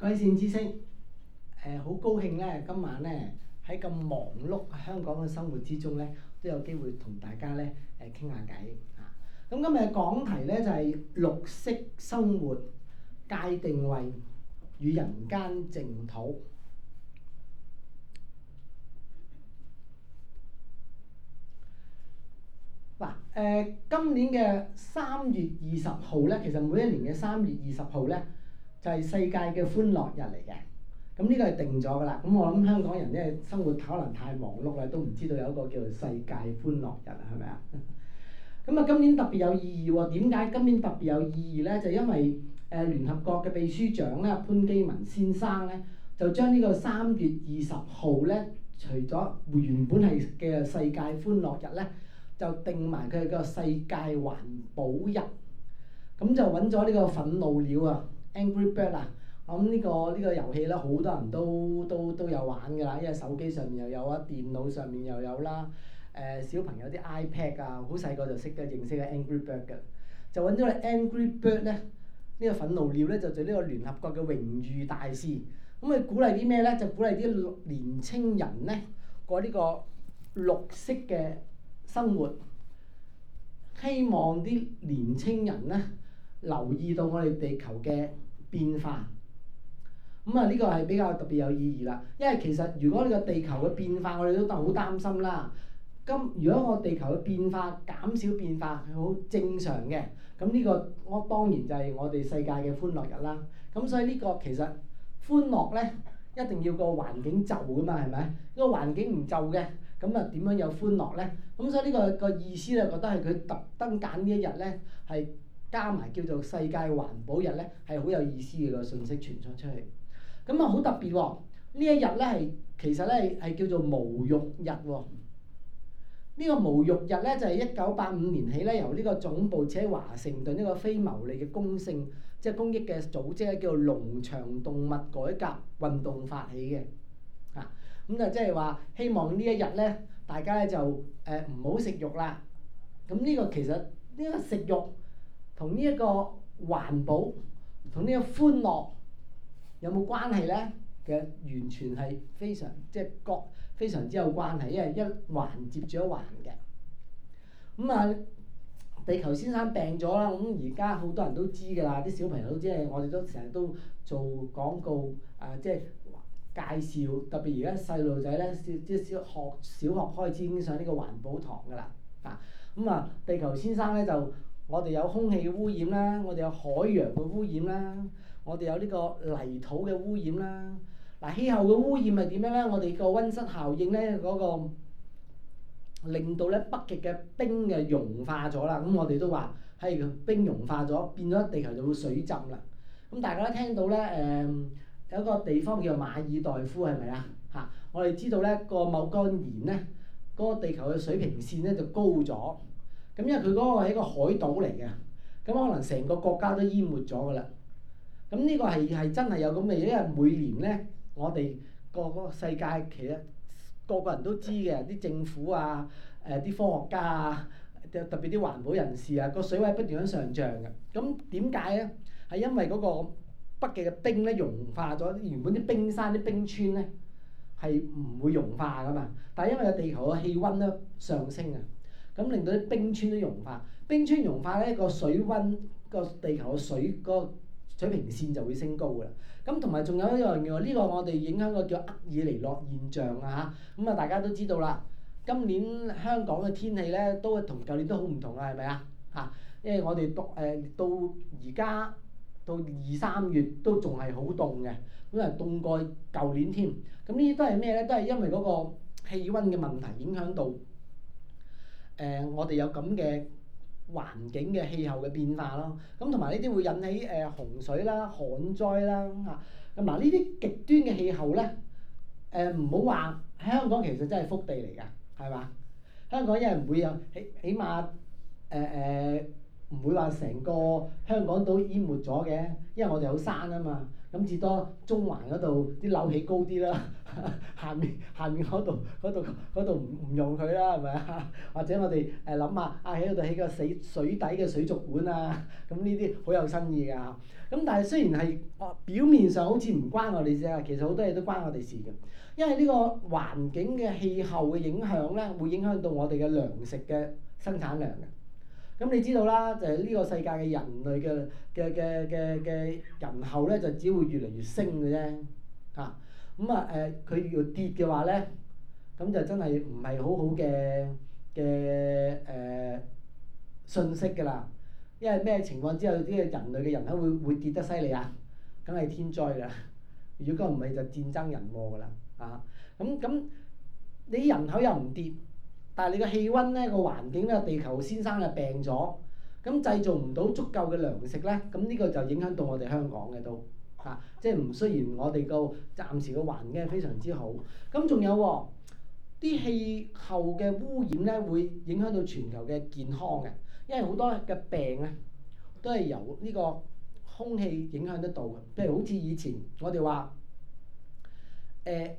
各位善知識，誒好高興咧！今晚咧喺咁忙碌香港嘅生活之中咧，都有機會同大家咧誒傾下偈嚇。咁今日嘅講題咧就係綠色生活、戒定慧與人間淨土。嗱誒，今年嘅三月二十號咧，其實每一年嘅三月二十號咧。就係世界嘅歡樂日嚟嘅，咁呢個係定咗㗎啦。咁我諗香港人咧生活可能太忙碌啦，都唔知道有一個叫做世界歡樂日係咪啊？咁啊， 今年特別有意義喎、哦。點解今年特別有意義咧？就係、因為誒聯合國嘅秘書長咧潘基文先生咧，就將個呢個三月二十號咧，除咗原本係嘅世界歡樂日咧，就定埋佢個世界環保日。咁就揾咗呢個憤怒鳥啊！Angry Bird 啊，咁、嗯這個這個、呢個呢個遊戲咧，好多人都都都有玩㗎啦，因為手機上面又有啊，電腦上面又有啦。誒、呃，小朋友啲 iPad 啊，好細個就識嘅，認識嘅 Angry Bird 嘅，就揾咗個 Angry Bird 咧，呢、這個憤怒鳥咧，就做、是、呢個聯合國嘅榮譽大使。咁佢鼓勵啲咩咧？就鼓勵啲年青人咧過呢個綠色嘅生活，希望啲年青人咧留意到我哋地球嘅。變化，咁啊呢個係比較特別有意義啦。因為其實如果呢個地球嘅變化，我哋都好擔心啦。今、嗯、如果我地球嘅變化減少變化係好正常嘅，咁、嗯、呢、這個我當然就係我哋世界嘅歡樂日啦。咁、嗯、所以呢個其實歡樂咧，一定要個環境就噶嘛，係咪？呢個環境唔就嘅，咁啊點樣有歡樂咧？咁、嗯、所以呢、這個個意思就覺得係佢特登揀呢一日咧係。加埋叫做世界環保日咧，係好有意思嘅個信息傳咗出去。咁啊，好特別喎、哦！呢一日咧係其實咧係叫做無肉日喎、哦。呢個無肉日咧就係一九八五年起咧，由呢個總部設喺華盛頓呢個非牟利嘅公性即係、就是、公益嘅組織，叫做農場動物改革運動發起嘅啊。咁啊，即係話希望呢一日咧，大家咧就誒唔好食肉啦。咁呢個其實呢個食肉。同呢一個環保同呢個歡樂有冇關係咧？其實完全係非常即係各非常之有關係，因為一環接住一環嘅咁啊！地球先生病咗啦，咁而家好多人都知㗎啦，啲小朋友即係我哋都成日都做廣告啊，即係介紹特別而家細路仔咧，即係小學小學開始已經上呢個環保堂㗎啦啊！咁啊，地球先生咧就～我哋有空氣嘅污染啦，我哋有海洋嘅污染啦，我哋有呢個泥土嘅污染啦。嗱，氣候嘅污染係點樣咧？我哋個温室效應咧，嗰、那個令到咧北極嘅冰嘅融化咗啦。咁、嗯、我哋都話係冰融化咗，變咗地球就會水浸啦。咁、嗯、大家都聽到咧，誒、呃、有一個地方叫馬爾代夫係咪啊？嚇！我哋知道咧，個某嗰年咧，嗰、那個地球嘅水平線咧就高咗。咁因為佢嗰個係一個海島嚟嘅，咁可能成個國家都淹沒咗噶啦。咁呢個係係真係有咁嘅，因為每年咧，我哋個個世界其實個個人都知嘅，啲政府啊、誒、呃、啲科學家啊，特別啲環保人士啊，個水位不斷咁上漲嘅。咁點解咧？係因為嗰個北極嘅冰咧融化咗，原本啲冰山啲冰川咧係唔會融化噶嘛，但係因為個地球嘅氣温咧上升啊。咁令到啲冰川都融化，冰川融化咧，個水溫個地球個水、個水平線就會升高噶啦。咁同埋仲有一樣嘢喎，呢個我哋影響個叫厄爾尼諾現象啊嚇。咁啊，大家都知道啦，今年香港嘅天氣咧都係同舊年都好唔同啊，係咪啊？嚇，因為我哋到誒到而家到二三月都仲係好凍嘅，本來凍過舊年添。咁呢啲都係咩咧？都係因為嗰個氣溫嘅問題影響到。誒、呃，我哋有咁嘅環境嘅氣候嘅變化咯，咁同埋呢啲會引起誒、呃、洪水啦、旱災啦嚇，咁嗱呢啲極端嘅氣候咧，誒唔好話香港其實真係福地嚟㗎，係嘛？香港因為唔會有起起碼誒誒，唔、呃、會話成個香港都淹沒咗嘅，因為我哋有山啊嘛。咁至多中環嗰度啲樓起高啲啦，下面下面嗰度度度唔唔用佢啦，係咪啊？或者我哋誒諗下啊喺度起個死水、水底嘅水族館啊，咁呢啲好有新意㗎嚇。咁、啊、但係雖然係表面上好似唔關我哋事，其實好多嘢都關我哋事嘅，因為呢個環境嘅氣候嘅影響咧，會影響到我哋嘅糧食嘅生產量嘅。咁你知道啦，就係、是、呢個世界嘅人類嘅嘅嘅嘅嘅人口咧，就只會越嚟越升嘅啫、啊。嚇咁啊誒，佢、呃、如跌嘅話咧，咁就真係唔係好好嘅嘅誒信息㗎啦。因為咩情況之下啲、這個、人類嘅人口會會跌得犀利啊？梗係天災啦，如果唔係就戰爭人禍㗎啦。啊咁咁，你人口又唔跌？但係你個氣溫咧、個環境咧、地球先生係病咗，咁製造唔到足夠嘅糧食咧，咁呢個就影響到我哋香港嘅都，啊，即係唔雖然我哋個暫時嘅環境係非常之好，咁仲有啲氣候嘅污染咧，會影響到全球嘅健康嘅，因為好多嘅病咧都係由呢個空氣影響得到嘅，譬如好似以前我哋話誒。呃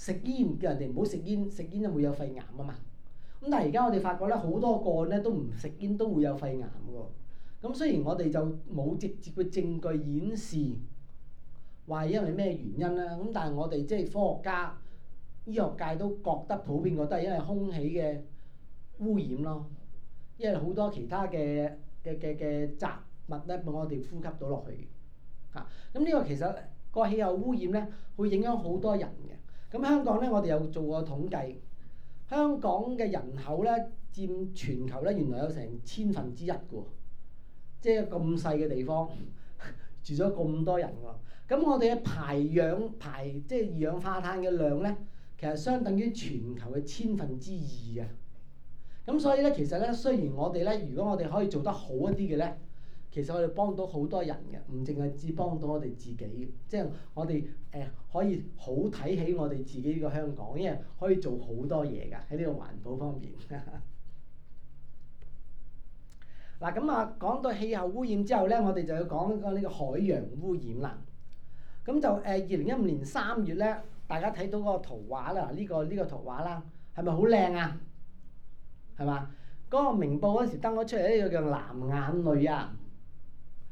食煙唔叫人哋唔好食煙，食煙就會有肺癌啊嘛。咁但係而家我哋發覺咧，好多個案咧都唔食煙都會有肺癌嘅。咁雖然我哋就冇直接嘅證據顯示話因為咩原因啦。咁但係我哋即係科學家、醫學界都覺得普遍覺得係因為空氣嘅污染咯，因為好多其他嘅嘅嘅嘅雜物咧，我哋呼吸到落去嚇。咁呢個其實個氣候污染咧，會影響好多人。咁香港咧，我哋有做過統計，香港嘅人口咧，佔全球咧原來有成千分之一嘅，即係咁細嘅地方住咗咁多人喎、啊。咁我哋嘅排氧排即係二氧化碳嘅量咧，其實相等於全球嘅千分之二啊。咁所以咧，其實咧，雖然我哋咧，如果我哋可以做得好一啲嘅咧。其實我哋幫到好多人嘅，唔淨係只幫到我哋自己，即係我哋誒、呃、可以好睇起我哋自己個香港，因為可以做好多嘢㗎喺呢個環保方面。嗱 咁啊，講、啊、到氣候污染之後咧，我哋就要講一個呢個海洋污染啦。咁就誒二零一五年三月咧，大家睇到嗰個圖畫啦，呢、這個呢、這個圖畫啦，係咪好靚啊？係嘛？嗰、那個明報嗰時登咗出嚟，呢個叫叫藍眼淚啊！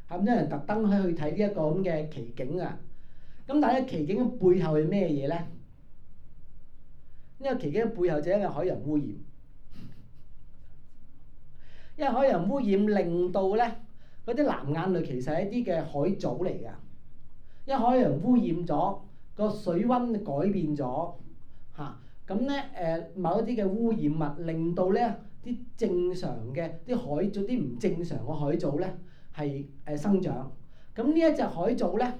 咁多人特登去去睇呢一個咁嘅奇景啊！咁但係咧奇景嘅背後係咩嘢咧？呢個奇景嘅背後就係一個海洋污染，因為海洋污染令到咧嗰啲藍眼淚其實係一啲嘅海藻嚟㗎。因為海洋污染咗個水溫改變咗，嚇咁咧誒，某一啲嘅污染物令到咧啲正常嘅啲海咗啲唔正常嘅海藻咧。係誒生長，咁呢一隻海藻咧，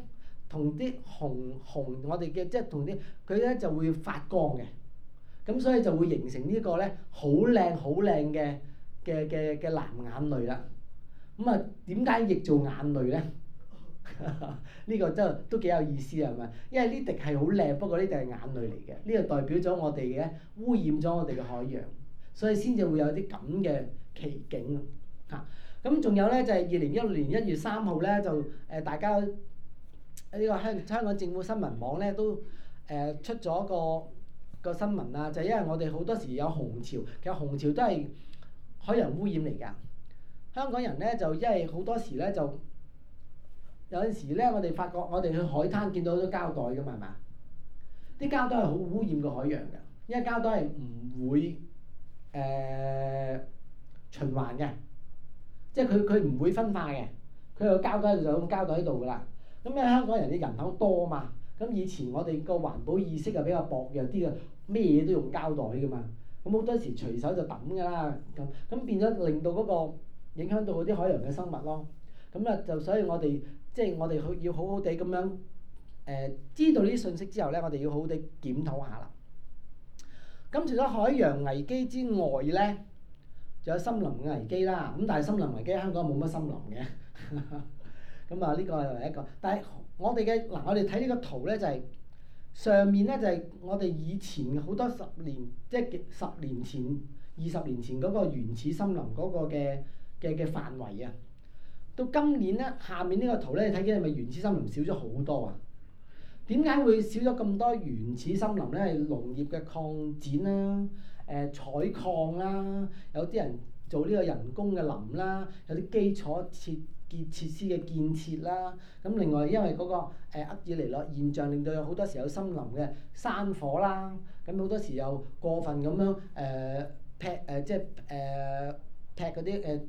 同啲紅紅我哋嘅即係同啲佢咧就會發光嘅，咁所以就會形成個呢個咧好靚好靚嘅嘅嘅嘅藍眼淚啦。咁啊，點解亦做眼淚咧？呢 個真係都幾有意思啊係咪？因為呢滴係好靚，不過呢滴係眼淚嚟嘅，呢、這個代表咗我哋嘅污染咗我哋嘅海洋，所以先至會有啲咁嘅奇景啊！咁仲有咧，就係二零一六年一月三號咧，就誒、呃、大家呢個香香港政府新聞網咧都誒、呃、出咗個個新聞啦，就係因為我哋好多時有紅潮，其實紅潮都係海洋污染嚟噶。香港人咧就因為好多時咧就有陣時咧，我哋發覺我哋去海灘見到好多膠袋噶嘛，係嘛？啲膠袋係好污染個海洋嘅，因為膠袋係唔會誒、呃、循環嘅。即係佢佢唔會分化嘅，佢個膠袋就咁膠袋喺度噶啦。咁因為香港人嘅人口多啊嘛，咁以前我哋個環保意識又比較薄弱啲啊，咩嘢都用膠袋噶嘛。咁好多時隨手就抌噶啦咁，咁變咗令到嗰個影響到嗰啲海洋嘅生物咯。咁啊就所以我哋即係我哋去要好好地咁樣誒、呃，知道呢啲信息之後咧，我哋要好好地檢討下啦。咁除咗海洋危機之外咧，仲有森林危機啦，咁但係森林危機香港冇乜森林嘅，咁啊呢個又係一個。但係我哋嘅嗱，我哋睇呢個圖咧就係上面咧就係我哋以前好多十年，即係十年前、二十年前嗰個原始森林嗰個嘅嘅嘅範圍啊。到今年咧，下面呢個圖咧，你睇見係咪原始森林少咗好多啊？點解會少咗咁多原始森林咧？係農業嘅擴展啦。誒採礦啦，有啲人做呢個人工嘅林啦，有啲基礎設、設建設施嘅建設啦。咁另外因為嗰個厄爾尼諾現象，令到有好多時候有森林嘅山火啦。咁好多時又過分咁樣誒劈誒即係誒劈嗰啲誒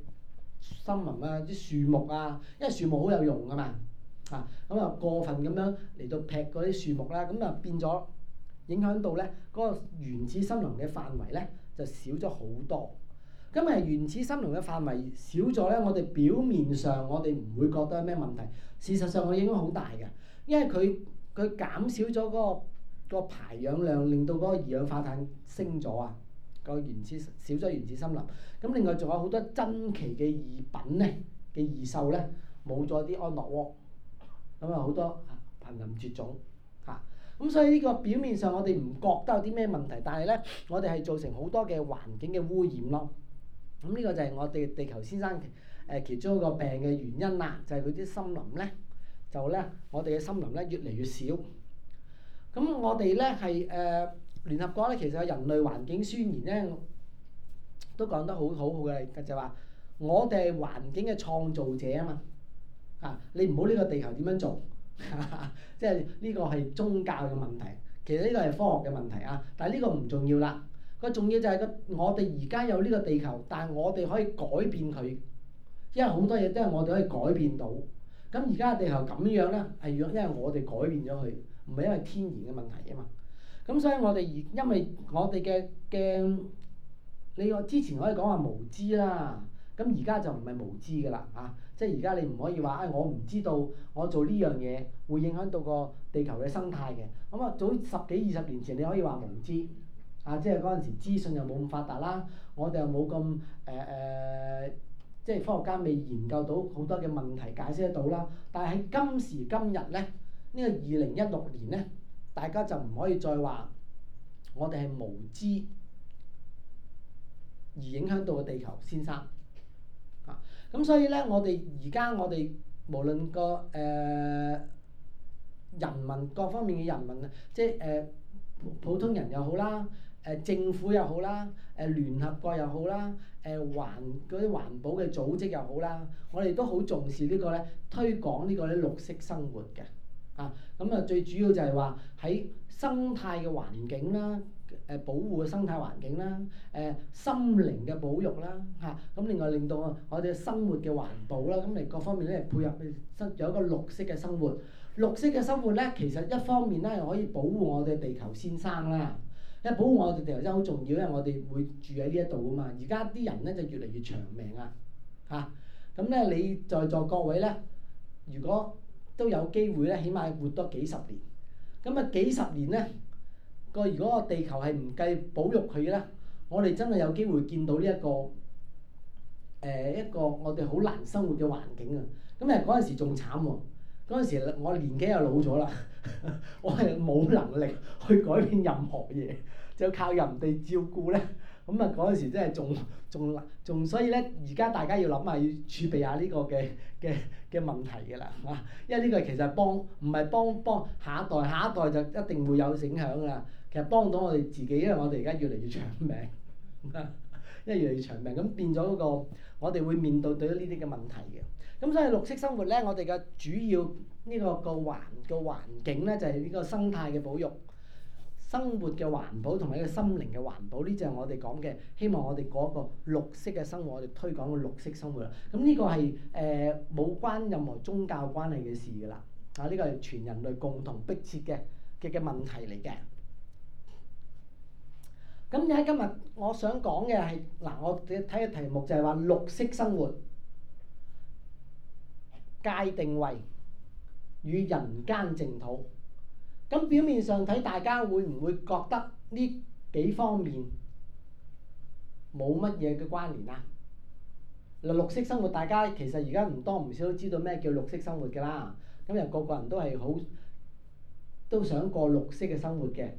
森林啊，啲樹木啊，因為樹木好有用噶嘛嚇。咁啊、嗯、過分咁樣嚟到劈嗰啲樹木啦，咁啊變咗。影響到咧嗰、那個原始森林嘅範圍咧就少咗好多。咁啊，原始森林嘅範圍少咗咧，我哋表面上我哋唔會覺得有咩問題，事實上嘅影響好大嘅，因為佢佢減少咗嗰、那個那個排氧量，令到嗰個二氧化碳升咗啊。那個原始少咗原始森林，咁另外仲有好多珍奇嘅異品咧嘅異獸咧，冇咗啲安樂窩，咁啊好多瀕臨絕種嚇。啊咁所以呢個表面上我哋唔覺得有啲咩問題，但係咧，我哋係造成好多嘅環境嘅污染咯。咁呢個就係我哋地球先生誒其中一個病嘅原因啦，就係佢啲森林咧，就咧我哋嘅森林咧越嚟越少。咁我哋咧係誒聯合國咧，其實有人類環境宣言咧，都講得好好好嘅，就話我哋係環境嘅創造者啊嘛。啊，你唔好呢個地球點樣做？即係呢個係宗教嘅問題，其實呢個係科學嘅問題啊！但係呢個唔重要啦。個重要就係個我哋而家有呢個地球，但係我哋可以改變佢，因為好多嘢都係我哋可以改變到。咁而家嘅地球咁樣咧，係因因為我哋改變咗佢，唔係因為天然嘅問題啊嘛。咁所以我哋而因為我哋嘅嘅，你我之前可以講話無知啦，咁而家就唔係無知噶啦啊！即係而家你唔可以話，唉，我唔知道我做呢樣嘢會影響到個地球嘅生態嘅。咁啊，早十幾二十年前你可以話無知，啊，即係嗰陣時資訊又冇咁發達啦，我哋又冇咁誒誒，即係科學家未研究到好多嘅問題解釋得到啦。但係今時今日咧，這個、呢個二零一六年咧，大家就唔可以再話我哋係無知而影響到個地球先生。咁所以咧，我哋而家我哋無論個誒、呃、人民各方面嘅人民啊，即係誒、呃、普通人又好啦，誒、呃、政府又好啦，誒、呃、聯合國又好啦，誒、呃、環嗰啲環保嘅組織又好啦，我哋都好重視個呢個咧，推廣呢個咧綠色生活嘅啊。咁、嗯、啊，最主要就係話喺生態嘅環境啦。誒保護嘅生態環境啦，誒、呃、心靈嘅保育啦，嚇、啊、咁另外令到我哋生活嘅環保啦，咁、啊、你各方面咧配合佢，生有一個綠色嘅生活。綠色嘅生活咧，其實一方面咧可以保護我哋地球先生啦，因為、啊、保護我哋地球真係好重要，因為我哋會住喺呢一度啊嘛。而家啲人咧就越嚟越長命啊，嚇咁咧，你在座各位咧，如果都有機會咧，起碼活多幾十年，咁啊幾十年咧。個如果個地球係唔計保育佢咧，我哋真係有機會見到呢一個誒、呃、一個我哋好難生活嘅環境啊！咁啊嗰陣時仲慘喎，嗰陣時我年紀又老咗啦， 我係冇能力去改變任何嘢，就靠人哋照顧咧。咁啊嗰陣時真係仲仲仲，所以咧而家大家要諗下，要儲備下呢個嘅嘅嘅問題㗎啦，嚇！因為呢個其實幫唔係幫幫下一代，下一代就一定會有影響㗎。其實幫到我哋自己，因為我哋而家越嚟越長命，因為 越嚟越長命，咁變咗嗰、那個我哋會面對對咗呢啲嘅問題嘅。咁所以綠色生活咧，我哋嘅主要呢、這個個環個環境咧，就係、是、呢個生態嘅保育、生活嘅環保同埋一個心靈嘅環保呢，就係我哋講嘅希望我哋嗰個綠色嘅生活，我哋推廣個綠色生活啦。咁呢個係誒冇關任何宗教關係嘅事㗎啦。啊，呢個係全人類共同迫切嘅嘅嘅問題嚟嘅。咁喺今日我想講嘅係嗱，我睇嘅題目就係話綠色生活、戒定慧與人間淨土。咁表面上睇，大家會唔會覺得呢幾方面冇乜嘢嘅關聯啊？嗱，綠色生活，大家其實而家唔多唔少都知道咩叫綠色生活㗎啦。咁又個個人都係好都想過綠色嘅生活嘅。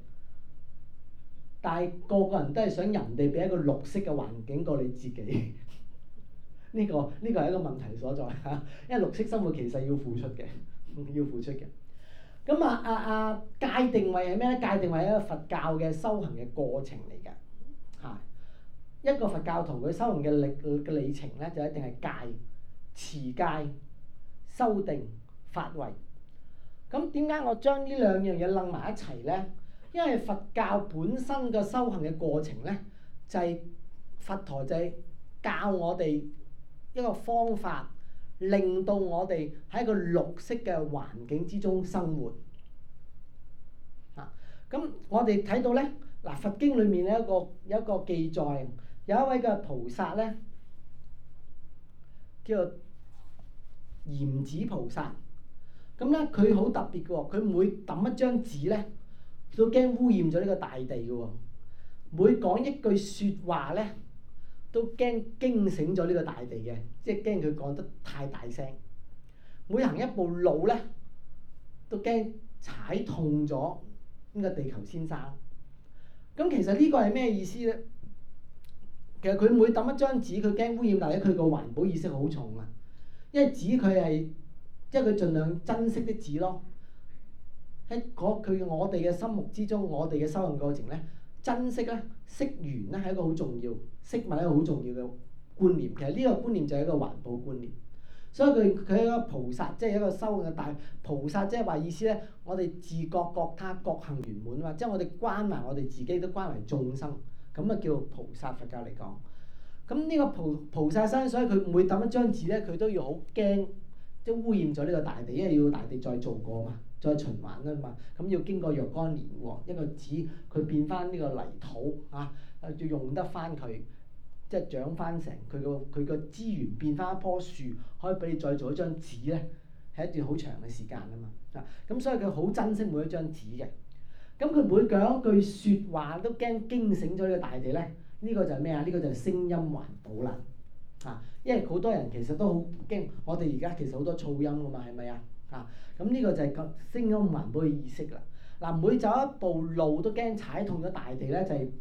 但係個個人都係想人哋俾一個綠色嘅環境過你自己、 這個，呢、這個呢個係一個問題所在嚇，因為綠色生活其實要付出嘅，要付出嘅。咁啊啊啊戒定慧係咩咧？戒定慧一個佛教嘅修行嘅過程嚟嘅嚇。一個佛教同佢修行嘅歷嘅里程咧，就一定係戒、持戒、修定、發、慧。咁點解我將呢兩樣嘢撚埋一齊咧？因為佛教本身嘅修行嘅過程咧，就係佛陀就係教我哋一個方法，令到我哋喺一個綠色嘅環境之中生活嚇。咁我哋睇到咧嗱，佛經裡面有一個有一個記載，有一位嘅菩薩咧叫做燃指菩薩，咁咧佢好特別㗎喎，佢每抌一張紙咧，都驚污染咗呢個大地嘅喎。哦，每講一句説話咧，都驚驚醒咗呢個大地嘅，即係驚佢講得太大聲。每行一步路咧，都驚踩痛咗呢個地球先生。咁其實呢個係咩意思咧？其實佢每抌一張紙，佢驚污染，但係佢個環保意識好重啊。因為紙佢係，即係佢盡量珍惜啲紙咯。喺佢我哋嘅心目之中，我哋嘅修行過程咧，珍惜咧，惜緣咧係一個好重要，惜物咧係好重要嘅觀念。其實呢個觀念就係一個環保觀念。所以佢佢一個菩薩，即係一個修行嘅大菩薩，即係話意思咧，我哋自覺覺他覺行圓滿啊嘛，即係我哋關埋，我哋自己都關埋，眾生，咁啊叫做菩薩佛教嚟講。咁呢個菩菩薩身，所以佢每抌一張紙咧，佢都要好驚，即係污染咗呢個大地，因為要大地再做過嘛。再循環啦嘛，咁要經過若干年喎，一個紙佢變翻呢個泥土嚇、啊，要用得翻佢，即係長翻成佢個佢個資源變翻一棵樹，可以俾你再做一張紙咧，係一段好長嘅時間啊嘛，啊，咁所以佢好珍惜每一張紙嘅，咁、啊、佢每講一句説話都驚驚醒咗呢個大地咧，呢、呢個就係咩啊？呢、呢個就係聲音環保啦，嚇、啊，因為好多人其實都好驚，我哋而家其實好多噪音啊嘛，係咪啊？啊，咁、這、呢個就係個升咗個環保意識啦。嗱、啊，每走一步路都驚踩痛咗大地咧，就係、是、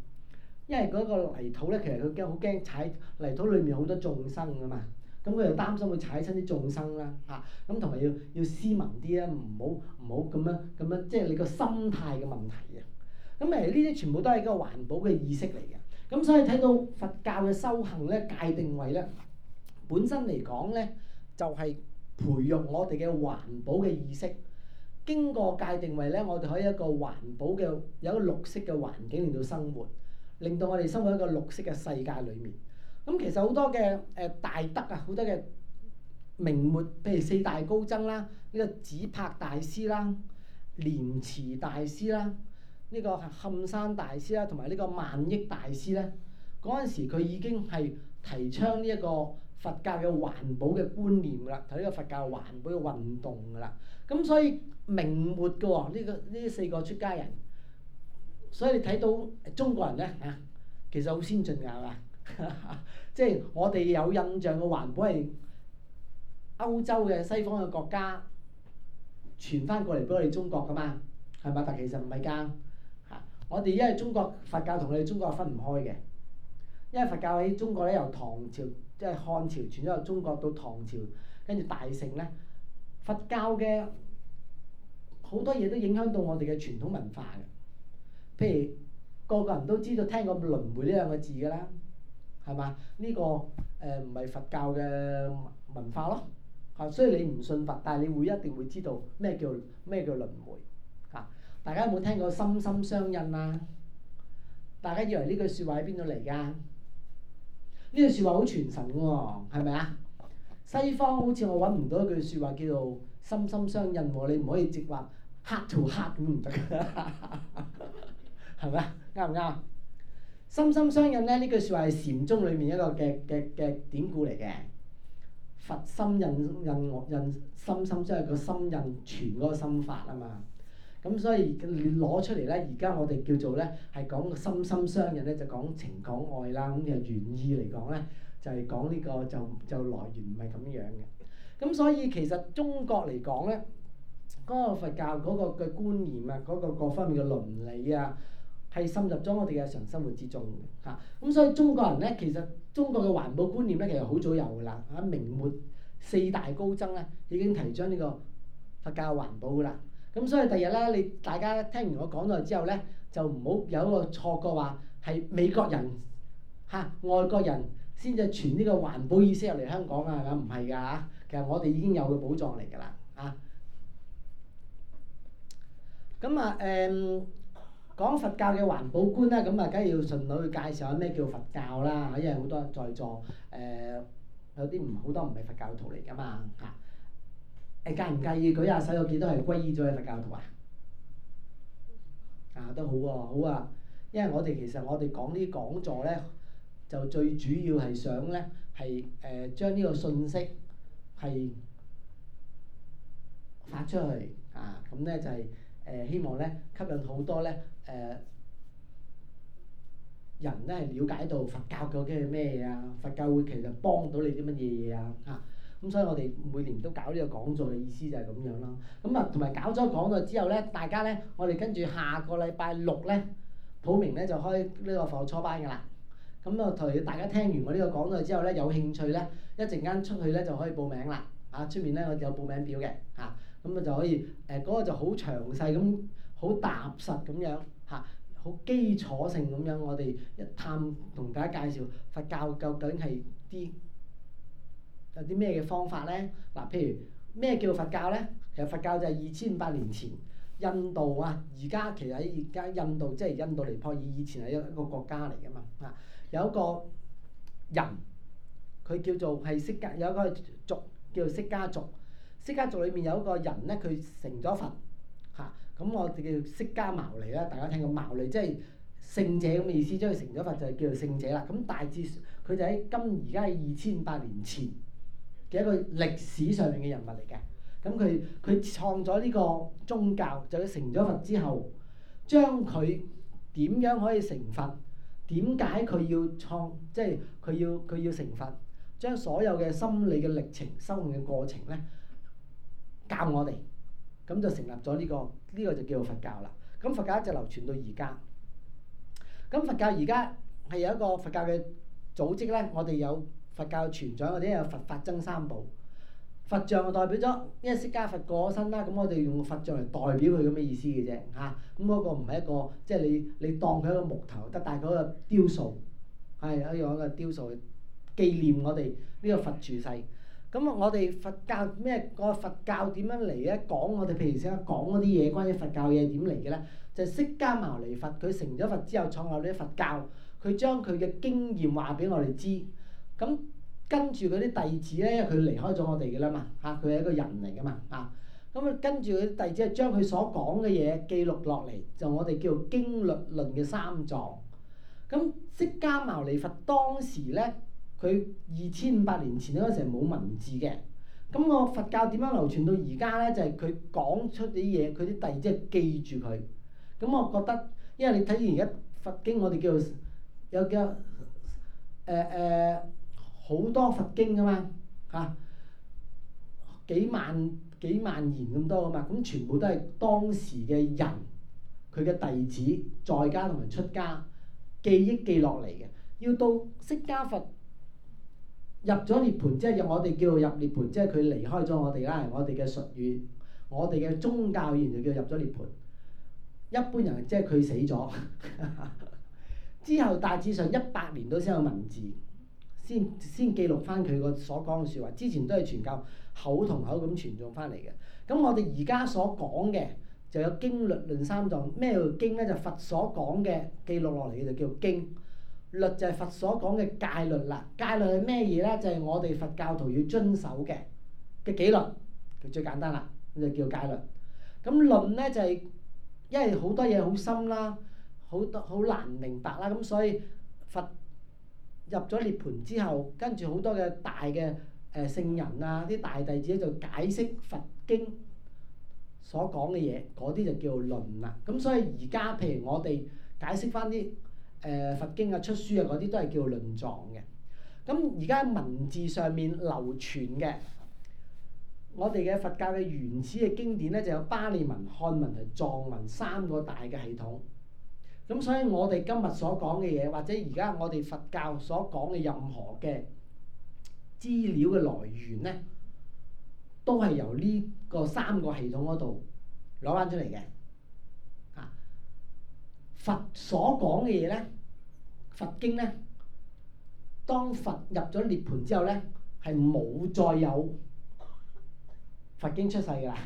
因為嗰個泥土咧，其實佢驚好驚踩泥土裏面好多眾生噶嘛，咁佢又擔心會踩親啲眾生啦，嚇、啊，咁同埋要要斯文啲、就是、啊，唔好唔好咁樣咁樣，即係你個心態嘅問題啊。咁誒，呢啲全部都係一個環保嘅意識嚟嘅。咁、啊、所以睇到佛教嘅修行咧，戒定慧咧，本身嚟講咧，就係、是。培育我哋嘅環保嘅意識，經過界定為咧，我哋可以一個環保嘅有一個綠色嘅環境令到生活，令到我哋生活喺一個綠色嘅世界裏面。咁、嗯、其實好多嘅誒、呃、大德啊，好多嘅明末，譬如四大高僧啦，呢、這個紫柏大師啦、蓮池大師啦、呢、這個坎山大師啦，同埋呢個萬益大師咧，嗰陣時佢已經係提倡呢、這、一個。嗯佛教嘅環保嘅觀念啦，就呢個佛教環保嘅運動啦。咁所以明末嘅喎呢個呢四個出家人，所以你睇到中國人咧嚇，啊，其實好先進噶。即係我哋有印象嘅環保係歐洲嘅西方嘅國家傳翻過嚟俾我哋中國噶嘛，係咪？但其實唔係㗎嚇。我哋因為中國佛教同我哋中國係分唔開嘅，因為佛教喺中國咧由唐朝。即係漢朝傳咗入中國到唐朝，跟住大盛咧。佛教嘅好多嘢都影響到我哋嘅傳統文化嘅。譬如個個人都知道聽過輪迴呢兩個字㗎啦，係嘛？呢、呢個誒唔係佛教嘅文化咯。啊，所以你唔信佛，但係你會一定會知道咩叫咩叫輪迴。嚇、啊，大家有冇聽過心心相印啊？大家以為呢句説話喺邊度嚟㗎？呢句説話好傳神喎，係咪啊？西方好似我揾唔到一句説話叫做心心相印喎，你唔可以直話 heart to heart，咁唔得，係咪啊？啱唔啱？心心相印咧，呢句説話係禪宗裏面一個嘅嘅嘅典故嚟嘅，佛心印印印心心，即係個心印傳嗰個心法啊嘛。咁所以你攞出嚟咧，而家我哋叫做咧，係講心心相印咧，就講情講愛啦。咁嘅原意嚟講咧，就係、是、講呢個就就來源唔係咁樣嘅。咁所以其實中國嚟講咧，嗰、那個佛教嗰個嘅觀念啊，嗰、那個各方面嘅倫理啊，係深入咗我哋日常生活之中嘅嚇。咁所以中國人咧，其實中國嘅環保觀念咧，其實好早有噶啦。喺明末四大高僧咧，已經提倡呢個佛教環保噶啦。咁所以第日咧，你大家聽完我講咗之後咧，就唔好有一個錯覺話係美國人嚇、啊、外國人先至傳呢個環保意識入嚟香港啦，係唔係㗎嚇，其實我哋已經有個寶藏嚟㗎啦嚇。咁啊誒、啊嗯、講佛教嘅環保觀咧，咁啊梗係要順路去介紹下咩叫佛教啦，因為好多人在座誒、呃，有啲唔好多唔係佛教徒嚟㗎嘛嚇。啊誒介唔介意？舉下手，有幾多都係歸依咗嘅佛教徒啊！啊，都好喎、啊，好啊！因為我哋其實我哋講呢啲講座咧，就最主要係想咧，係誒、呃、將呢個信息係發出去啊！咁、嗯、咧就係、是、誒、呃、希望咧吸引好多咧誒、呃、人咧係了解到佛教，教究竟係咩嘢啊？佛教會其實幫到你啲乜嘢嘢啊？嚇、啊！咁所以我哋每年都搞呢個講座嘅意思就係咁樣啦。咁啊同埋搞咗講座之後咧，大家咧我哋跟住下個禮拜六咧，普明咧就開呢個佛學初班嘅啦。咁啊同大家聽完我呢個講座之後咧，有興趣咧一陣間出去咧就可以報名啦。啊出面咧我哋有報名表嘅嚇，咁啊就可以誒嗰個就好詳細咁，好踏實咁樣嚇，好基礎性咁樣我哋一探同大家介紹佛教究竟係啲。有啲咩嘅方法咧？嗱、啊，譬如咩叫佛教咧？其實佛教就係二千五百年前印度啊。而家其實喺而家印度即係、就是、印度尼泊爾以前係一個國家嚟嘅嘛。啊，有一個人佢叫做係釋迦，有一個族叫做釋迦族。釋迦族裏面有一個人咧，佢成咗佛嚇。咁、啊、我哋叫釋迦牟尼啦。大家聽過牟尼即係聖者咁嘅意思，即係佢成咗佛就係叫做聖者啦。咁大致佢就喺今而家係二千五百年前。嘅一個歷史上面嘅人物嚟嘅，咁佢佢創咗呢個宗教，就佢、是、成咗佛之後，將佢點樣可以成佛，點解佢要創，即係佢要佢要成佛，將所有嘅心理嘅歷程、修行嘅過程咧，教我哋，咁就成立咗呢、呢個呢、呢個就叫做佛教啦。咁佛教一直流傳到而家，咁佛教而家係有一個佛教嘅組織咧，我哋有。佛教傳講嗰啲有佛法僧三寶，佛像就代表咗，因為釋迦佛過咗身啦，咁我哋用佛像嚟代表佢咁嘅意思嘅啫吓，咁嗰個唔係一個，即係你你當佢一個木頭，得，但係嗰個雕塑係一用一個雕塑去紀念我哋呢個佛住世。咁啊，我哋佛教咩個佛教點樣嚟咧？講我哋譬如先講嗰啲嘢，關於佛教嘢點嚟嘅咧，就係釋迦牟尼佛佢成咗佛之後創立咗佛教，佢將佢嘅經驗話俾我哋知。咁跟住嗰啲弟子咧，因為佢離開咗我哋嘅啦嘛，嚇佢係一個人嚟嘅嘛，嚇咁啊、嗯、跟住佢啲弟子啊，將佢所講嘅嘢記錄落嚟，就我哋叫做經律論嘅三藏。咁釋迦牟尼佛當時咧，佢二千五百年前嗰陣時係冇文字嘅。咁、嗯、個佛教點樣流傳到而家咧？就係佢講出啲嘢，佢啲弟子係記住佢。咁、嗯、我覺得，因為你睇見而家佛經我，我哋叫做，有叫誒誒。呃好多佛經啊嘛，嚇、啊、幾萬幾萬言咁多啊嘛，咁、嗯、全部都係當時嘅人，佢嘅弟子在家同埋出家記憶記落嚟嘅。要到釋迦佛入咗涅盤，即係我哋叫入涅盤，即係佢離開咗我哋啦。我哋嘅術語，我哋嘅宗教語言就叫入咗涅盤。一般人即係佢死咗 之後，大致上一百年都先有文字。先先記錄翻佢個所講嘅説話，之前都係傳教口同口咁傳誦翻嚟嘅。咁我哋而家所講嘅就有經律論三藏。咩叫經咧？就是、佛所講嘅記錄落嚟嘅就叫經。律就係佛所講嘅戒律啦。戒律係咩嘢咧？就係、是、我哋佛教徒要遵守嘅嘅紀律，佢最簡單啦，就叫戒律。咁論咧就係、是、因為好多嘢好深啦，好多好難明白啦，咁所以。入咗涅槃之後，跟住好多嘅大嘅誒、呃、聖人啊，啲大弟子咧就解釋佛經所講嘅嘢，嗰啲就叫論啦。咁所以而家譬如我哋解釋返啲誒佛經啊、出書啊嗰啲都係叫論藏嘅。咁而家文字上面流傳嘅，我哋嘅佛教嘅原始嘅經典咧就有巴利文、漢文同藏文三個大嘅系統。咁所以，我哋今日所講嘅嘢，或者而家我哋佛教所講嘅任何嘅資料嘅來源咧，都係由呢個三個系統嗰度攞翻出嚟嘅。嚇，佛所講嘅嘢咧，佛經咧，當佛入咗涅盤之後咧，係冇再有佛經出世噶啦。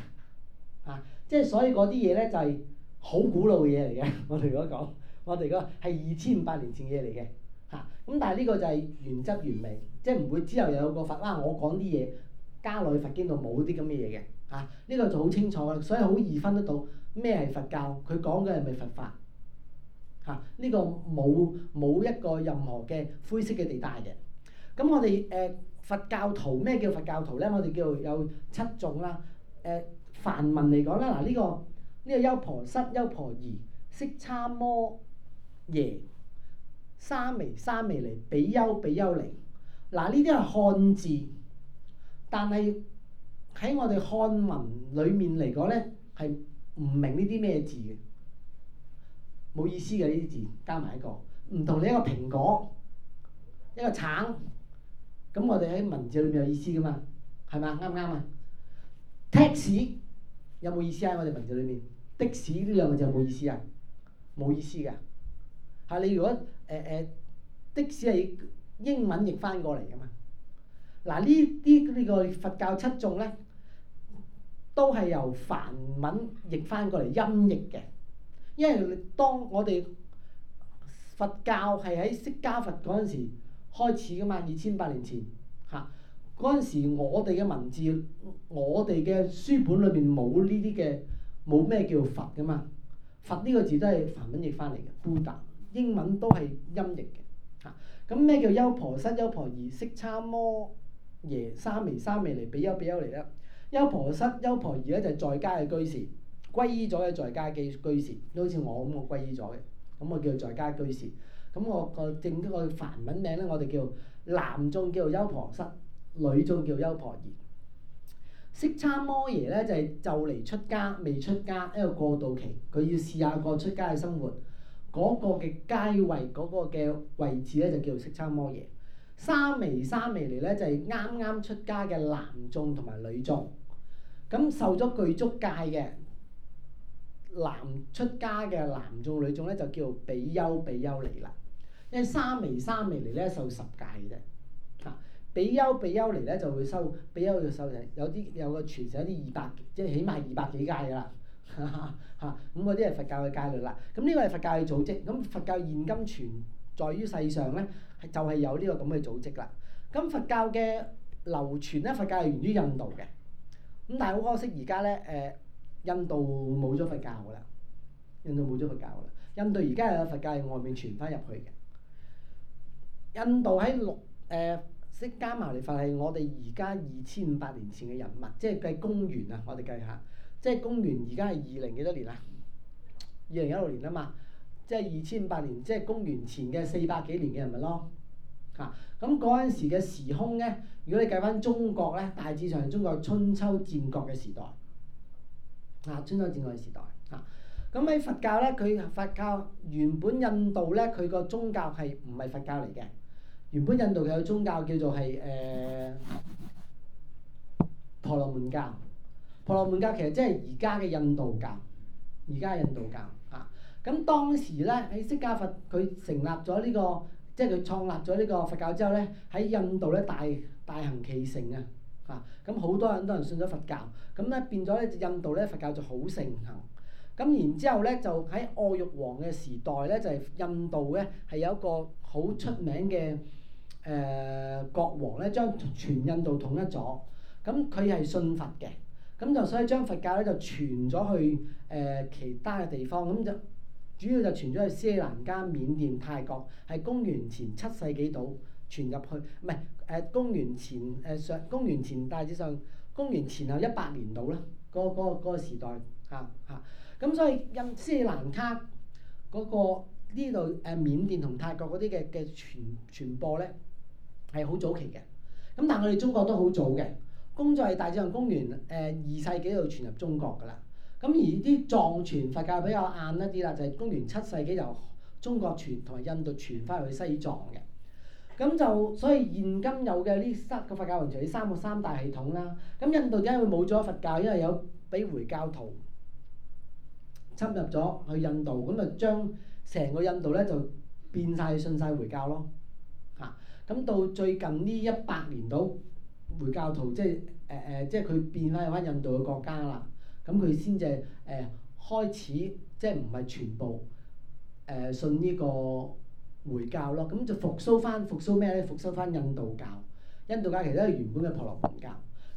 嚇，即係，所以嗰啲嘢咧就係。好古老嘅嘢嚟嘅，我哋如果講，我哋如果係二千五百年前嘅嘢嚟嘅，嚇，咁但係呢個就係原汁原味，即係唔會之後又有個佛啦。我講啲嘢，加落去佛經度冇啲咁嘅嘢嘅，嚇、啊、呢、這個就好清楚啦，所以好易分得到咩係佛教，佢講嘅係咪佛法？嚇、啊、呢、這個冇冇一個任何嘅灰色嘅地帶嘅。咁我哋誒、呃、佛教徒咩叫佛教徒咧？我哋叫做有七眾啦，誒梵文嚟講啦，嗱、啊、呢、這個。呢個，優婆塞、優婆夷、式叉摩耶、沙彌、沙彌尼、比丘、比丘尼。嗱，呢啲係漢字，但係喺我哋漢文裏面嚟講咧，係唔明呢啲咩字嘅，冇意思嘅，呢啲字加埋一個唔同你一個蘋果一個橙，咁我哋喺文字裏面有意思噶嘛？係嘛？啱唔啱啊？tax 有冇意思喺、啊、我哋文字裏面？的士呢兩個字冇意思，意思啊，冇意思噶嚇！你如果誒誒、呃呃、的士係英文譯翻過嚟噶嘛？嗱呢啲呢個佛教七眾咧，都係由梵文譯翻過嚟音譯嘅，因為當我哋佛教係喺釋迦佛嗰陣時開始噶嘛，二千八年前嚇嗰陣時，我哋嘅文字、我哋嘅書本裏面冇呢啲嘅。冇咩叫佛噶嘛？佛呢個字都係梵文譯翻嚟嘅 Buddha，英文都係音譯嘅。嚇、啊，咁咩叫優婆塞、優婆夷？式叉摩那、沙彌、沙彌尼，比丘、比丘尼啦。優婆塞、優婆夷咧就係在家嘅居士，皈依咗嘅在家嘅居士，都好似我咁，我皈依咗嘅，咁我叫做在家居士。咁我個正式個梵文名咧，我哋叫男眾叫做優婆塞，女眾叫優婆夷。色差摩耶咧就係就嚟出家，未出家一個過渡期，佢要試下過出家嘅生活。嗰、那個嘅階位，嗰、那個嘅位置咧就叫做色差摩耶。沙彌、沙彌尼咧就係啱啱出家嘅男眾同埋女眾，咁受咗具足戒嘅男出家嘅男眾女眾咧就叫比丘、比丘尼啦，因為沙彌、沙彌尼咧受十戒嘅。比丘比丘尼咧就會收比丘就收人，有啲有個傳承，有啲二百，即係起碼二百幾屆噶啦，嚇咁嗰啲係佛教嘅戒律啦。咁呢個係佛教嘅組織。咁佛教現今存在於世上咧，就係、是、有呢個咁嘅組織啦。咁佛教嘅流傳咧，佛教係源於印度嘅。咁但係好可惜而家咧，誒印度冇咗佛教噶啦，印度冇咗佛教噶啦。印度而家係佛教喺外面傳翻入去嘅。印度喺六誒。呃釋迦牟尼佛係我哋而家二千五百年前嘅人物，即係計公元啊！我哋計下，即係公元而家係二零幾多年啦，二零一六年啊嘛，即係二千五百年，即係公元前嘅四百幾年嘅人物咯。嚇、啊，咁嗰陣時嘅時空咧，如果你計翻中國咧，大致上係中國春秋戰國嘅時代。嚇、啊，春秋戰國嘅時代。嚇、啊，咁喺佛教咧，佢佛教原本印度咧，佢個宗教係唔係佛教嚟嘅？原本印度嘅宗教叫做係誒婆羅門教，婆羅門教其實即係而家嘅印度教，而家嘅印度教啊。咁當時咧喺釋迦佛佢成立咗呢、這個，即係佢創立咗呢個佛教之後咧，喺印度咧大大行其成啊！啊，咁好多人都人信咗佛教，咁咧變咗咧印度咧佛教就好盛行。咁然之後咧就喺阿育王嘅時代咧，就係、是、印度咧係有一個好出名嘅。誒、呃、國王咧將全印度統一咗，咁佢係信佛嘅，咁就所以將佛教咧就傳咗去誒、呃、其他嘅地方，咁就主要就傳咗去斯里蘭卡、緬甸、泰國，係公元前七世紀度傳入去，唔係誒公元前誒上、呃、公元前大致上公元前後一百年度啦，嗰個、嗰個、嗰個時代嚇嚇，咁、啊啊、所以斯里蘭卡嗰、嗰個呢度誒緬甸同泰國嗰啲嘅嘅傳傳播咧。係好早期嘅，咁但係我哋中國都好早嘅，工作係大致上公元誒二世紀就傳入中國噶啦。咁而啲藏傳佛教比較晏一啲啦，就係、是、公元七世紀由中國傳同埋印度傳翻去西藏嘅。咁就所以現今有嘅呢三個佛教王朝，呢三個三大系統啦。咁印度點解會冇咗佛教？因為有俾回教徒侵入咗去印度，咁啊將成個印度咧就變曬信曬回教咯。咁到最近呢一百年到回教徒，即係誒誒，即係佢變翻入翻印度嘅國家啦。咁佢先至誒開始，即係唔係全部誒、呃、信呢個回教咯。咁就復甦翻，復甦咩咧？復甦翻印度教。印度教其實都係原本嘅婆羅門教。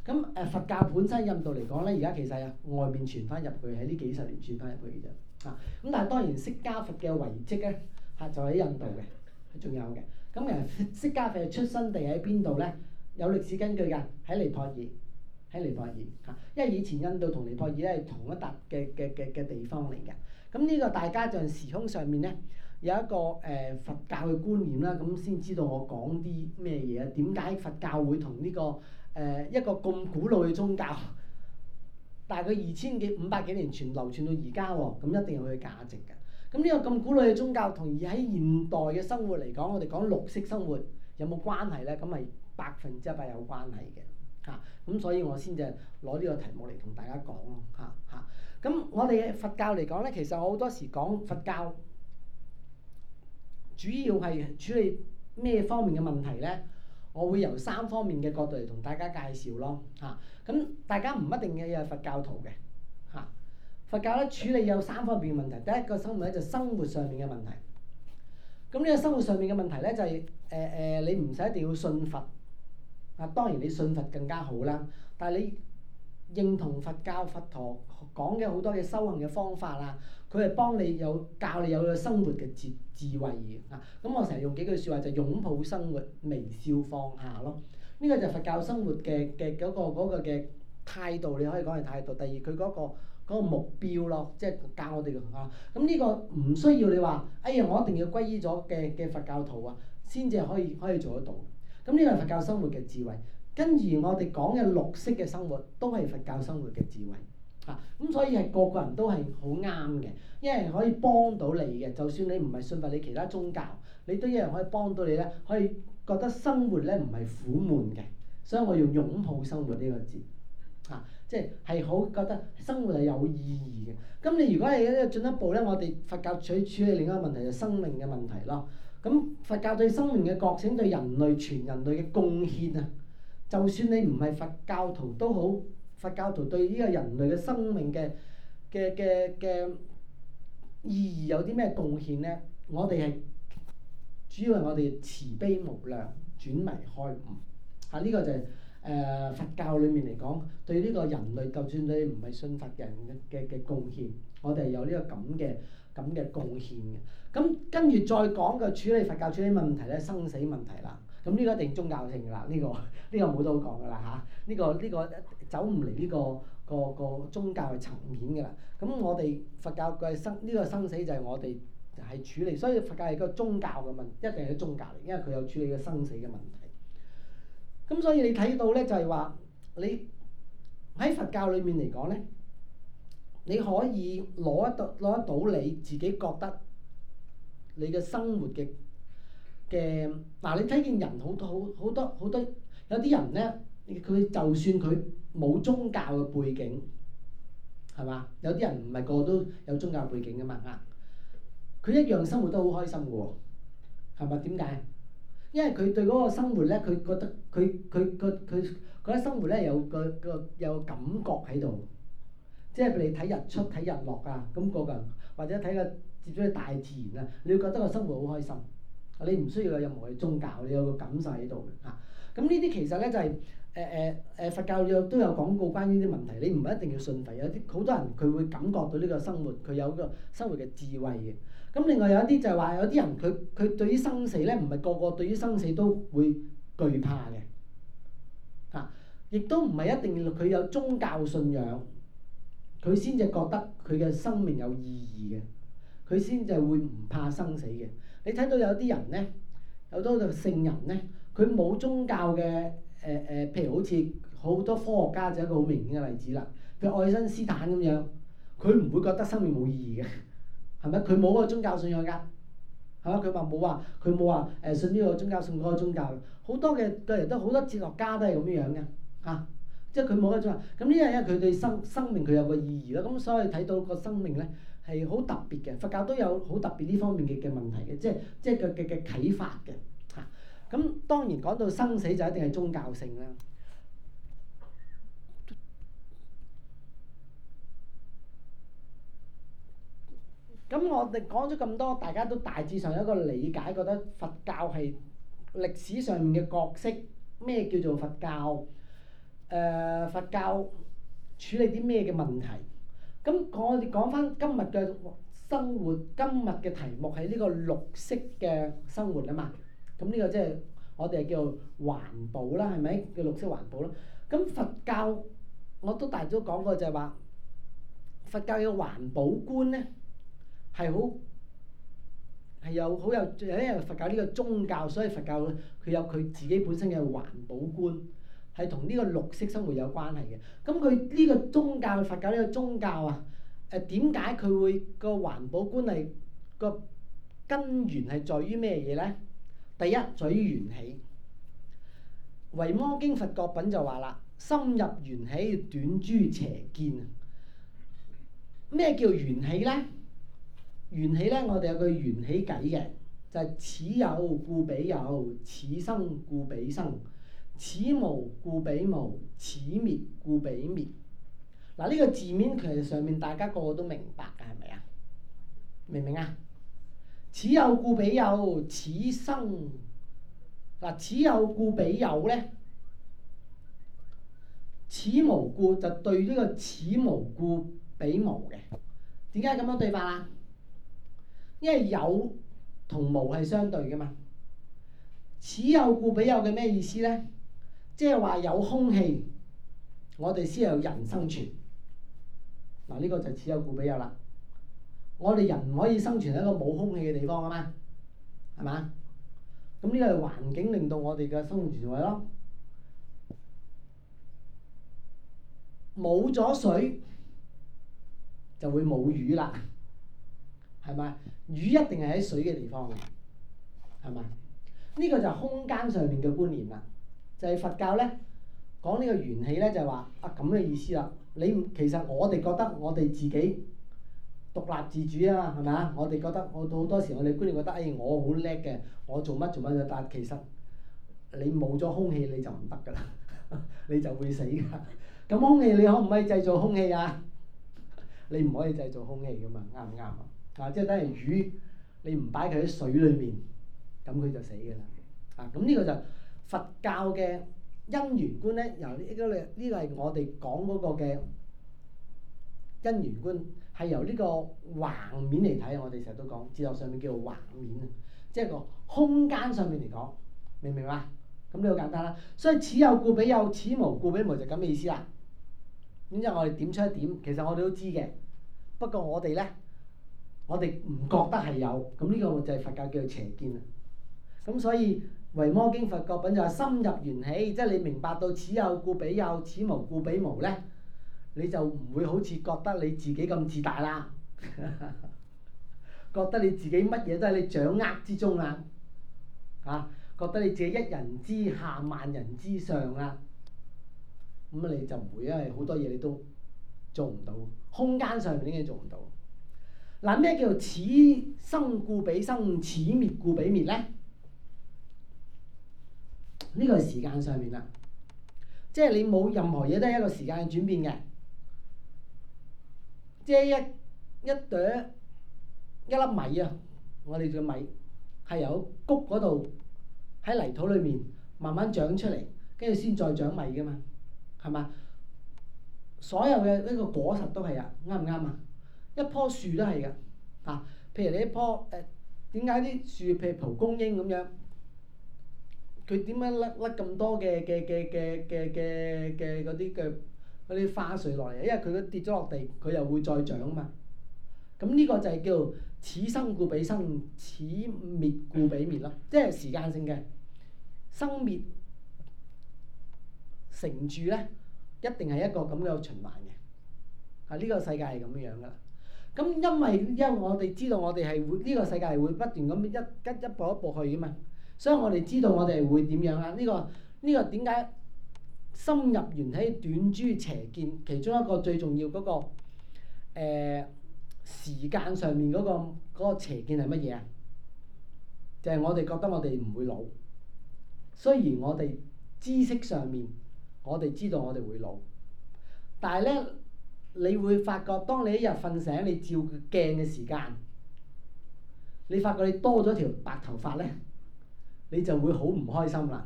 咁誒佛教本身印度嚟講咧，而家其實係外面傳翻入去，喺呢幾十年傳翻入去嘅啫。啊，咁但係當然釋迦佛嘅遺跡咧，嚇、啊、就喺印度嘅，仲有嘅。咁誒，釋迦佛嘅出生地喺邊度咧？有歷史根據㗎，喺尼泊爾，喺尼泊爾嚇。因為以前印度同尼泊爾咧係同一笪嘅嘅嘅嘅地方嚟嘅。咁、嗯、呢、這個大家在時空上面咧有一個誒、呃、佛教嘅觀念啦，咁、嗯、先知道我講啲咩嘢啊？點解佛教會同呢、這個誒、呃、一個咁古老嘅宗教，大概二千幾五百幾年傳流傳到而家喎？咁、哦嗯、一定有佢嘅價值㗎。咁呢個咁古老嘅宗教，同而喺現代嘅生活嚟講，我哋講綠色生活有冇關係呢？咁係百分之一百有關係嘅，嚇、啊！咁所以我先就攞呢個題目嚟同大家講咯，嚇、啊、咁、啊、我哋佛教嚟講呢，其實我好多時講佛教，主要係處理咩方面嘅問題呢？我會由三方面嘅角度嚟同大家介紹咯，嚇、啊！咁大家唔一定嘅係佛教徒嘅。佛教咧處理有三方面嘅問題。第一個生活咧就係生活上面嘅問題。咁呢個生活上面嘅問題咧就係誒誒，你唔使一定要信佛啊。當然你信佛更加好啦，但係你認同佛教佛陀講嘅好多嘅修行嘅方法啊，佢係幫你有教你有生活嘅智智慧啊。咁我成日用幾句説話就擁抱生活，微笑放下咯。呢個就係佛教生活嘅嘅嗰個嗰個嘅態度，你可以講係態度。第二佢嗰個，嗰個目標咯，即係教我哋啊，咁呢個唔需要你話，哎呀，我一定要皈依咗嘅嘅佛教徒啊，先至可以可以做得到。咁呢個係佛教生活嘅智慧，跟住我哋講嘅綠色嘅生活，都係佛教生活嘅智慧。啊，咁所以係個個人都係好啱嘅，一樣可以幫到你嘅。就算你唔係信佛，你其他宗教，你都一樣可以幫到你咧，可以覺得生活咧唔係苦悶嘅。所以我用擁抱生活呢個字。即係好覺得生活係有意義嘅。咁你如果係咧進一步咧，我哋佛教取處理另一個問題就係生命嘅問題咯。咁佛教對生命嘅覺醒，對人類、全人類嘅貢獻啊，就算你唔係佛教徒都好，佛教徒對呢個人類嘅生命嘅嘅嘅嘅意義有啲咩貢獻呢？我哋係主要係我哋慈悲無量，轉迷開悟。嚇，呢個就係。誒、呃、佛教裏面嚟講，對呢個人類，就算你唔係信佛人嘅嘅嘅貢獻，我哋有呢個咁嘅咁嘅貢獻嘅。咁跟住再講嘅處理佛教處理問題咧，生死問題啦。咁呢個一定宗教性㗎啦，呢個呢個冇得好講㗎啦嚇。呢個、啊呢個呢個走唔嚟呢個個個宗教嘅層面㗎啦。咁我哋佛教嘅生呢個生死就係我哋係處理，所以佛教係一個宗教嘅問題，一定係宗教嚟，因為佢有處理嘅生死嘅問題。咁、嗯、所以你睇到咧，就係、是、話你喺佛教裏面嚟講咧，你可以攞一攞得到你自己覺得你嘅生活嘅嘅，嗱，你睇見人好多好好好多好多有啲人咧，佢就算佢冇宗教嘅背景，係嘛？有啲人唔係個個都有宗教背景噶嘛，佢一樣生活都好開心嘅喎，係咪？點解？因為佢對嗰個生活咧，佢覺得佢佢佢佢覺得生活咧有個個有個感覺喺度，即係你睇日出睇日落啊，咁嗰個人或者睇個接觸啲大自然啊，你要覺得個生活好開心，你唔需要有任何嘅宗教，你有個感受喺度嘅嚇。咁呢啲其實咧就係誒誒誒佛教有都有講過關於啲問題，你唔係一定要信佛，有啲好多人佢會感覺到呢個生活，佢有個生活嘅智慧嘅。咁另外有一啲就係話，有啲人佢佢對於生死咧，唔係個個對於生死都會懼怕嘅嚇、啊，亦都唔係一定要佢有宗教信仰，佢先至覺得佢嘅生命有意義嘅，佢先至會唔怕生死嘅。你睇到有啲人咧，有好多聖人咧，佢冇宗教嘅誒誒，譬如好似好多科學家就係一個好明顯嘅例子啦，譬如愛因斯坦咁樣，佢唔會覺得生命冇意義嘅。係咪？佢冇個宗教信仰㗎，係嘛？佢話冇話，佢冇話誒信呢個宗教信嗰個宗教，好多嘅嘅人都好多哲學家都係咁樣樣嘅，嚇、啊，即係佢冇個宗教。咁呢樣嘢，佢對生生命佢有個意義咯。咁所以睇到個生命咧係好特別嘅。佛教都有好特別呢方面嘅嘅問題嘅，即係即係嘅嘅嘅啟發嘅嚇。咁、啊、當然講到生死就一定係宗教性啦。咁我哋講咗咁多，大家都大致上有一個理解，覺得佛教係歷史上面嘅角色，咩叫做佛教？誒，佛教處理啲咩嘅問題？咁我哋講翻今日嘅生活，今日嘅題目係呢個綠色嘅生活啊嘛。咁呢個即係我哋叫環保啦，係咪叫綠色環保咯？咁佛教我都大致都講過，就係話佛教嘅環保觀咧。係好係有，好有有啲人，佛教呢個宗教，所以佛教佢有佢自己本身嘅環保觀，係同呢個綠色生活有關係嘅。咁佢呢個宗教，佛教呢個宗教啊，誒點解佢會、嗰個環保觀係、嗰個根源係在於咩嘢呢？第一在於緣起，《維摩經》佛國品就話啦：深入緣起，斷諸邪見。咩叫緣起呢？緣起咧，我哋有句緣起偈嘅，就係、是、此有故彼有，此生故彼生，此無故彼無，此滅故彼滅。嗱呢、這個字面其實上面大家個個都明白嘅，係咪啊？明唔明啊？此有故彼有，此生嗱，此有故彼有咧，此無故就對呢個此無故彼無嘅，點解咁樣對法啊？因為有同無係相對嘅嘛，此有故彼有嘅咩意思咧？即係話有空氣，我哋先有人生存。嗱，呢個就此有故彼有啦。我哋人唔可以生存喺一個冇空氣嘅地方啊嘛，係嘛？咁呢個係環境令到我哋嘅生存地位咯。冇咗水就會冇魚啦，係咪？魚一定係喺水嘅地方嘅，係咪？呢個就空間上面嘅觀念啦，就係佛教咧講呢個元氣咧，就係話啊咁嘅意思啦。你其實我哋覺得我哋自己獨立自主啊，係咪啊？我哋覺得我到好多時我哋觀念覺得，誒我好叻嘅，我做乜做乜就得。其實你冇咗空氣你就唔得噶啦， 你就會死噶。咁 空氣你可唔可以製造空氣啊？ 你唔可以製造空氣噶嘛，啱唔啱啊？嗱，即係等於魚，你唔擺佢喺水裏面，咁佢就死嘅啦。啊，咁呢個就佛教嘅因緣觀咧。由呢個呢個係我哋講嗰個嘅因緣觀，係由呢個橫面嚟睇。我哋成日都講，哲學上面叫做橫面啊，即係個空間上面嚟講，明唔明啊？咁呢個簡單啦。所以此有故彼有，此無故彼無，就咁嘅意思啦。咁即係我哋點出一點，其實我哋都知嘅。不過我哋咧。我哋唔覺得係有，咁呢個就係佛教叫做邪見啦。咁所以《維摩經》佛國品就係深入緣起，即係你明白到此有故彼有，此無故彼無咧，你就唔會好似覺得你自己咁自大啦， 覺得你自己乜嘢都係你掌握之中啦，啊，覺得你自己一人之下萬人之上啦，咁你就唔會，因為好多嘢你都做唔到，空間上面啲嘢做唔到。嗱，咩叫此生故彼生，此滅故彼滅咧？呢個係時間上面啦，即係你冇任何嘢都係一個時間嘅轉變嘅。即係一一朵一粒米啊，我哋嘅米係由谷嗰度喺泥土裏面慢慢長出嚟，跟住先再長米㗎嘛，係嘛？所有嘅呢個果實都係啊，啱唔啱啊？一棵樹都係噶，啊，譬如你一棵誒，點解啲樹譬如蒲公英咁樣，佢點解甩甩咁多嘅嘅嘅嘅嘅嘅嘅嗰啲嘅啲花絮落嚟？因為佢都跌咗落地，佢又會再長啊嘛。咁呢個就係叫此生故彼生，此滅故彼滅咯，即係時間性嘅生滅成住咧，一定係一個咁嘅循環嘅，啊，呢個世界係咁樣噶。咁因為因為我哋知道我哋係會呢個世界係會不斷咁一跟一步一步去嘅嘛，所以我哋知道我哋會點樣啦。呢個呢個點解深入緣起、斷諸邪見，其中一個最重要嗰個誒、呃、時間上面嗰個嗰個邪見係乜嘢啊？就係我哋覺得我哋唔會老，雖然我哋知識上面我哋知道我哋會老，但係咧。你會發覺，當你一日瞓醒，你照鏡嘅時間，你發覺你多咗條白頭髮咧，你就會好唔開心啦。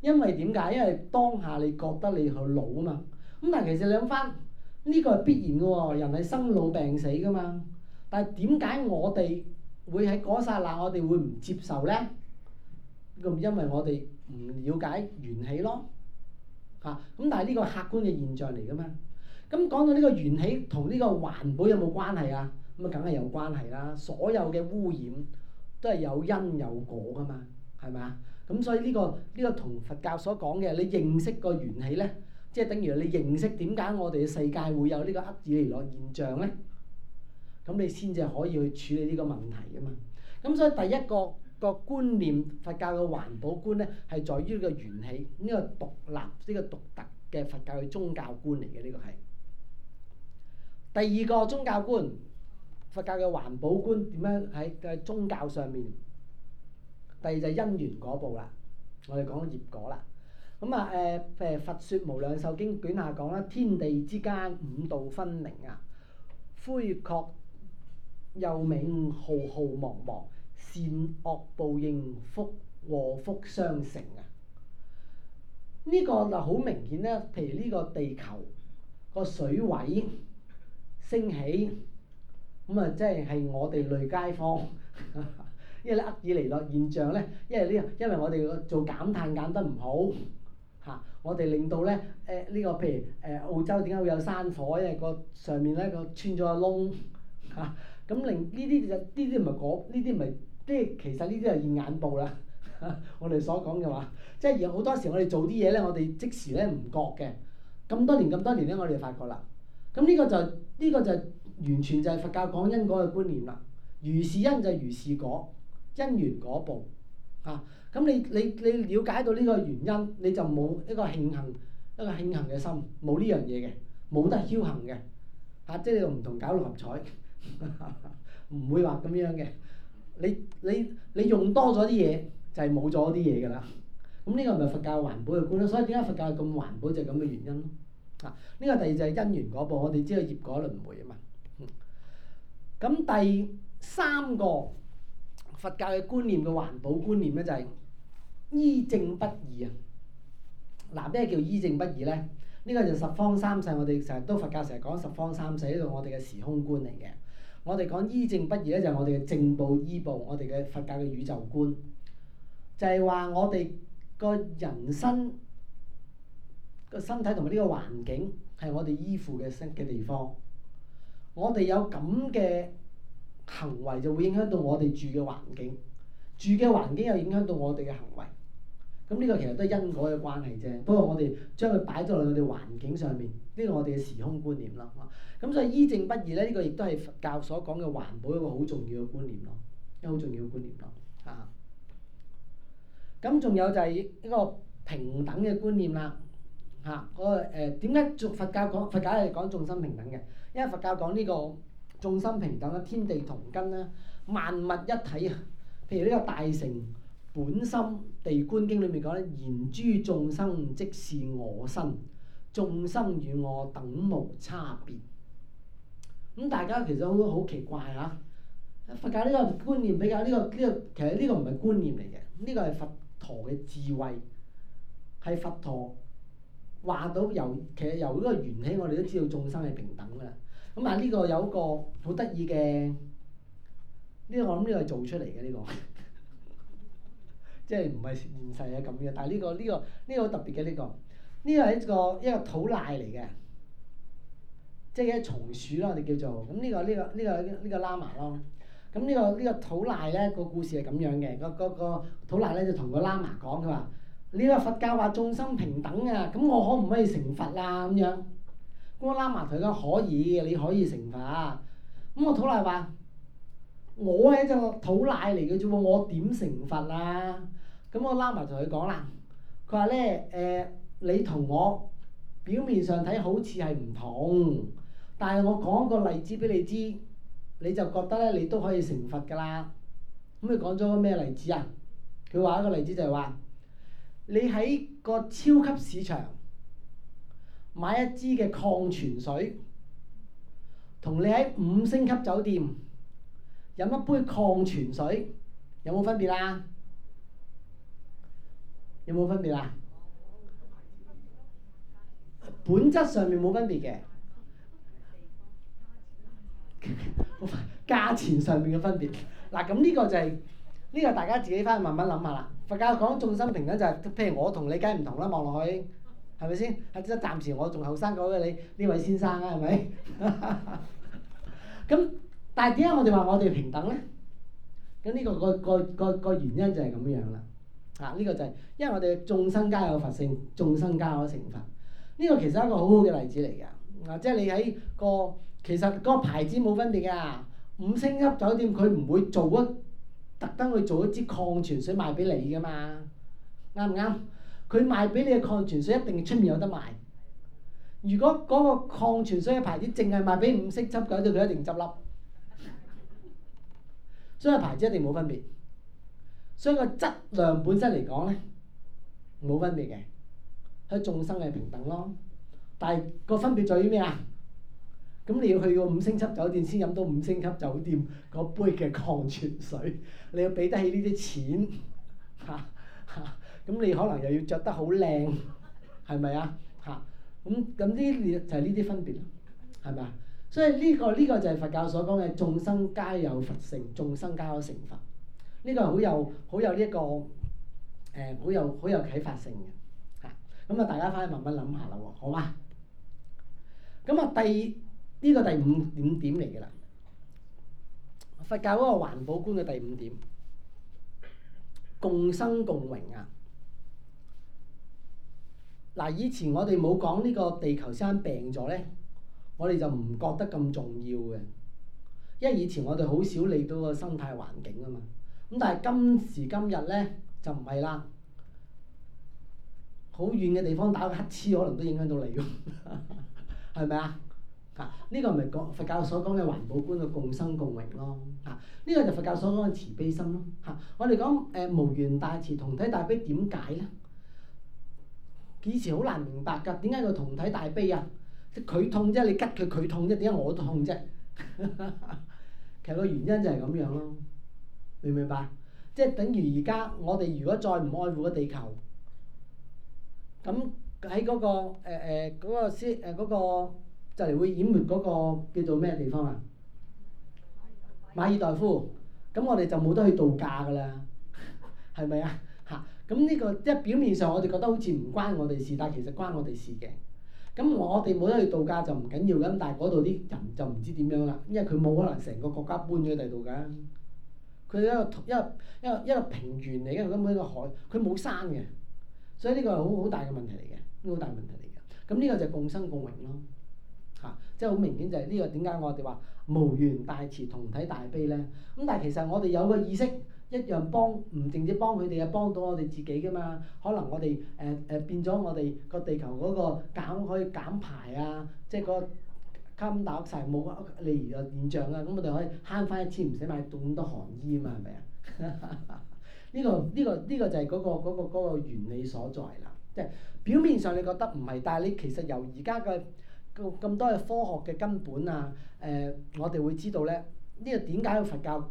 因為點解？因為當下你覺得你去老啊嘛。咁但係其實你諗翻呢個係必然嘅喎、哦，人係生老病死㗎嘛。但係點解我哋會喺嗰剎那，我哋會唔接受咧？咁因為我哋唔了解緣起咯，嚇咁。但係呢個客觀嘅現象嚟㗎嘛。咁講到呢個緣起同呢個環保有冇關係啊？咁啊，梗係有關係啦。所有嘅污染都係有因有果噶嘛，係咪啊？咁所以呢個呢個同佛教所講嘅你認識個緣起咧，即係等於你認識點解我哋嘅世界會有呢個厄爾尼諾現象咧。咁你先至可以去處理呢個問題噶嘛。咁所以第一個個觀念佛教嘅環保觀咧，係在於呢個緣起呢個獨立呢個獨特嘅佛教嘅宗教觀嚟嘅，呢個係。第二個宗教觀，佛教嘅環保觀點，樣喺嘅宗教上面。第二就係因緣果報啦，我哋講業果啦。咁啊，誒誒，《佛説無量壽經》卷下講啦，天地之間五道分明啊，恢廓窈冥浩浩茫茫，善惡報應，福和福相承啊。呢、這個就好明顯咧。譬如呢個地球個水位。升起咁啊，即係係我哋累街坊，因為啲厄爾尼諾現象咧，因為呢，因為，這個、因為我哋個做減碳減得唔好嚇，啊，我哋令到咧誒呢個譬如誒、呃、澳洲點解會有山火？因為個上面咧個穿咗、啊、個窿嚇，咁令呢啲就呢啲唔係講呢啲唔係呢？其實呢啲係現眼報啦，啊。我哋所講嘅話，即、就、係、是、有好多時我哋做啲嘢咧，我哋即時咧唔覺嘅咁多年咁多年咧，我哋就發覺啦。咁呢個就是。呢個就完全就係佛教講因果嘅觀念啦。如是因就如是果，因緣果報。咁、啊、你你你瞭解到呢個原因，你就冇一個慶幸一個慶幸嘅心，冇呢樣嘢嘅，冇得僥倖嘅。嚇、啊，即你又唔同搞六合彩，唔 會話咁樣嘅。你你你用多咗啲嘢，就係冇咗啲嘢㗎啦。咁呢個係咪佛教環保嘅觀咧？所以點解佛教咁環保就係咁嘅原因咯。啊！呢個第二個就係因緣嗰部，我哋知道業果輪迴啊嘛。咁、嗯、第三個佛教嘅觀念嘅環保觀念咧、就是，就係依正不二啊。嗱，咩叫依正不二咧？呢、這個就十方三世，我哋成日都佛教成日講十方三世呢個我哋嘅時空觀嚟嘅。我哋講依正不二咧，就係我哋嘅正報、依報、我哋嘅佛教嘅宇宙觀，就係、是、話我哋個人生。個身體同埋呢個環境係我哋依附嘅身嘅地方，我哋有咁嘅行為就會影響到我哋住嘅環境，住嘅環境又影響到我哋嘅行為。咁呢個其實都係因果嘅關係啫。不過我哋將佢擺咗落我哋環境上面，呢個我哋嘅時空觀念啦。咁所以依正不二咧，呢個亦都係佛教所講嘅環保一個好重要嘅觀念咯，一個好重要嘅觀念咯。啊，咁仲有就係一個平等嘅觀念啦。嚇，嗰個誒點解？佛教講佛教係講眾生平等嘅，因為佛教講呢個眾生平等啦、天地同根啦、萬物一體啊。譬如呢個大乘本心地觀經裏面講咧，言諸眾生即是我身，眾生與我等無差別。咁、嗯、大家其實都好奇怪啊！佛教呢個觀念比較呢、呢個呢、呢個，其實呢個唔係觀念嚟嘅，呢、呢個係佛陀嘅智慧，係佛陀。話到由其實由呢個緣起，我哋都知道眾生係平等嘅。咁啊呢個有一個好得意嘅，呢個我諗呢個係做出嚟嘅呢個，即係唔係現世係咁嘅。但係呢個呢個呢個好特別嘅呢個，呢個係一個一個土賴嚟嘅，即係一松鼠啦，我哋叫做。咁呢個呢個呢個呢個喇嘛咯。咁呢個呢個土賴咧個故事係咁樣嘅，嗰嗰個土賴咧就同個喇嘛講，佢話。你話佛教話眾生平等啊，咁我可唔可以成佛啦，啊？咁樣，咁我喇嘛同佢講可以，你可以成佛，啊。咁我土奶話：我係一隻土奶嚟嘅啫喎，我點成佛啊？咁我喇嘛同佢講啦，佢話咧誒，你同我表面上睇好似係唔同，但係我講一個例子俾你知，你就覺得咧你都可以成佛噶啦。咁佢講咗咩例子啊？佢話一個例子就係話。你喺個超級市場買一支嘅礦泉水，同你喺五星級酒店飲一杯礦泉水，有冇分別啦？有冇分別啦？本質上面冇分別嘅，價錢上面嘅分別。嗱，咁呢個就係呢個，大家自己返去慢慢諗下啦。佛教講眾生平等就係、是，譬如我同你梗係唔同啦，望落去係咪先？啊，即係暫時我仲後生過你呢位先生啊，係咪？咁 但係點解我哋話我哋平等咧？咁呢個個個個個原因就係咁樣啦。啊，呢、這個就係、是、因為我哋眾生皆有佛性，眾生皆有成佛。呢、這個其實係一個好好嘅例子嚟㗎。嗱、啊，即係你喺個其實嗰個牌子冇分別㗎。五星級酒店佢唔會做一特登去做一支礦泉水賣俾你㗎嘛，啱唔啱？佢賣俾你嘅礦泉水一定出面有得賣。如果嗰個礦泉水嘅牌子淨係賣俾五色執嘅，咁佢一定執笠。所以個牌子一定冇分別。所以個質量本身嚟講咧，冇分別嘅。喺眾生係平等咯，但係個分別在於咩啊？咁你要去個五星級酒店先飲到五星級酒店嗰杯嘅礦泉水，你要俾得起呢啲錢嚇嚇，咁、啊啊、你可能又要着得好靚，係咪啊嚇？咁咁啲就係呢啲分別，係咪啊？所以呢、呢個呢、呢個就係佛教所講嘅眾生皆有佛性，眾生皆有成佛。呢、呢個係好有好有呢一個誒，好有、呢個呃、好有好有啟發性嘅嚇。咁啊，大家翻去慢慢諗下啦，好嗎？咁啊，第二。呢個第五五點嚟嘅啦，佛教嗰個環保觀嘅第五點，共生共榮啊！嗱，以前我哋冇講呢個地球生病咗咧，我哋就唔覺得咁重要嘅，因為以前我哋好少理到個生態環境啊嘛。咁但係今時今日咧就唔係啦，好遠嘅地方打個乞嗤可能都影響到你嘅， 係咪啊？啊！呢、這個唔係講佛教所講嘅環保觀嘅共生共榮咯、啊。啊！呢、這個就佛教所講嘅慈悲心咯、啊。嚇、啊！我哋講誒無緣大慈同體大悲點解咧？以前好難明白㗎，點解個同體大悲啊？即係佢痛啫、啊，你吉佢佢痛啫、啊，點解我痛啫、啊？ 其實個原因就係咁樣咯、啊，明唔明白？即係等於而家我哋如果再唔愛護個地球，咁喺嗰個誒誒嗰個嗰個。呃呃那個誒呃那個就嚟會淹沒嗰個叫做咩地方啊？馬爾代夫咁，我哋就冇得去度假㗎啦，係咪啊？嚇咁呢個即係表面上我哋覺得好似唔關我哋事，但係其實關我哋事嘅。咁我哋冇得去度假就唔緊要啦，但係嗰度啲人就唔知點樣啦，因為佢冇可能成個國家搬咗去第度㗎。佢一個，一個，一個，一個，一個平原嚟嘅，根本一個海，佢冇山嘅，所以呢個係好好大嘅問題嚟嘅，呢個好大問題嚟嘅。咁呢個就共生共榮咯。即係好明顯，就係呢個點解我哋話無緣大慈同體大悲咧？咁但係其實我哋有個意識一樣幫，唔淨止幫佢哋啊，幫到我哋自己噶嘛？可能我哋誒誒變咗我哋個地球嗰個減可以減排啊，即係個金打包曬冇利餘嘅現象啊！咁我哋可以慳翻一千，唔使買咁多寒衣啊？係咪啊？呢、 個呢個呢個就係嗰個嗰個嗰個原理所在啦。即係表面上你覺得唔係，但係你其實由而家嘅。咁多嘅科學嘅根本啊，誒、呃，我哋會知道咧，呢、這個點解佛教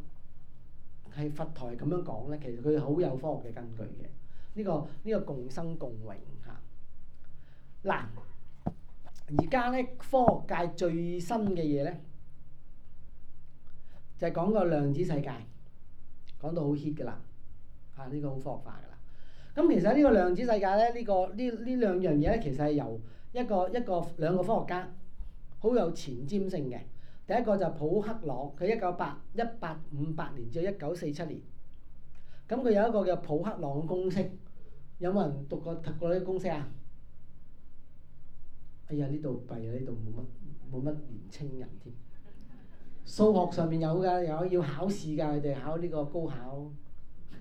係佛陀咁樣講咧？其實佢好有科學嘅根據嘅。呢、這個呢、這個共生共榮嚇。嗱、啊，而家咧科學界最新嘅嘢咧，就係、是、講、啊這個啊、個量子世界，講到好 hit 噶啦，啊呢個好科學化噶啦。咁其實呢個量子世界咧，呢個呢呢兩樣嘢咧，其實係由一個一個兩個科學家好有前瞻性嘅。第一個就係普克朗，佢一九八一八五八年至一九四七年，咁佢有一個叫普克朗公式，有冇人讀過讀過呢個公式啊？哎呀，呢度弊啊，呢度冇乜冇乜年青人添。數學上面有㗎，有要考試㗎，佢哋考呢個高考，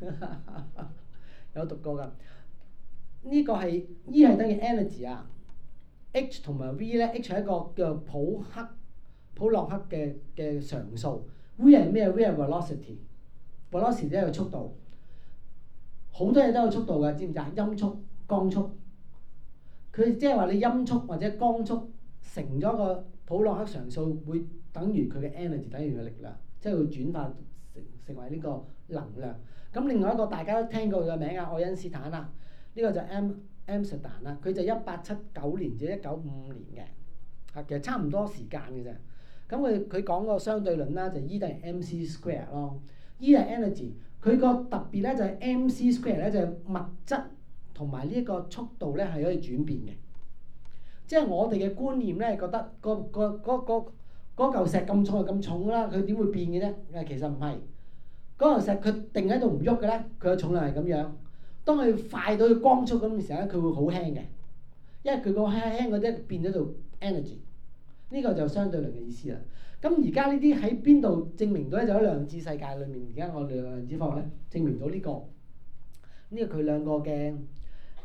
有讀過㗎。呢、呢個係、嗯、e 係等於 energy 啊。h 同埋 v 咧，h 係一個叫普克、普洛克嘅嘅常數，v 係咩？v 係 velocity，velocity 即係速度。好多嘢都有速度嘅，知唔知啊？音速、光速，佢即係話你音速或者光速成咗個普洛克常數，會等於佢嘅 energy，等於佢嘅力量，即係會轉化成成為呢個能量。咁另外一個大家都聽過佢嘅名啊，愛因斯坦啊，呢、呢個就 m。Amsterdam 啦，佢就一八七九年至一九五五年嘅，其實差唔多時間嘅啫。咁佢佢講個相對論啦，就係，E 定係 M C square 咯，哦，E 係 energy。佢個特別咧就係 M C square 咧就係物質同埋呢一個速度咧係可以轉變嘅。即係我哋嘅觀念咧覺得個個嗰嚿石咁重就咁重啦，佢點會變嘅啫？其實唔係嗰嚿石佢定喺度唔喐嘅咧，佢嘅重量係咁樣。當佢快到光速咁嘅時候咧，佢會好輕嘅，因為佢個輕輕嗰啲變咗做 energy，呢個就相對論嘅意思啦。咁而家呢啲喺邊度證明到咧？就喺量子世界裏面。而家我量子科學咧證明到呢個，呢個佢兩個嘅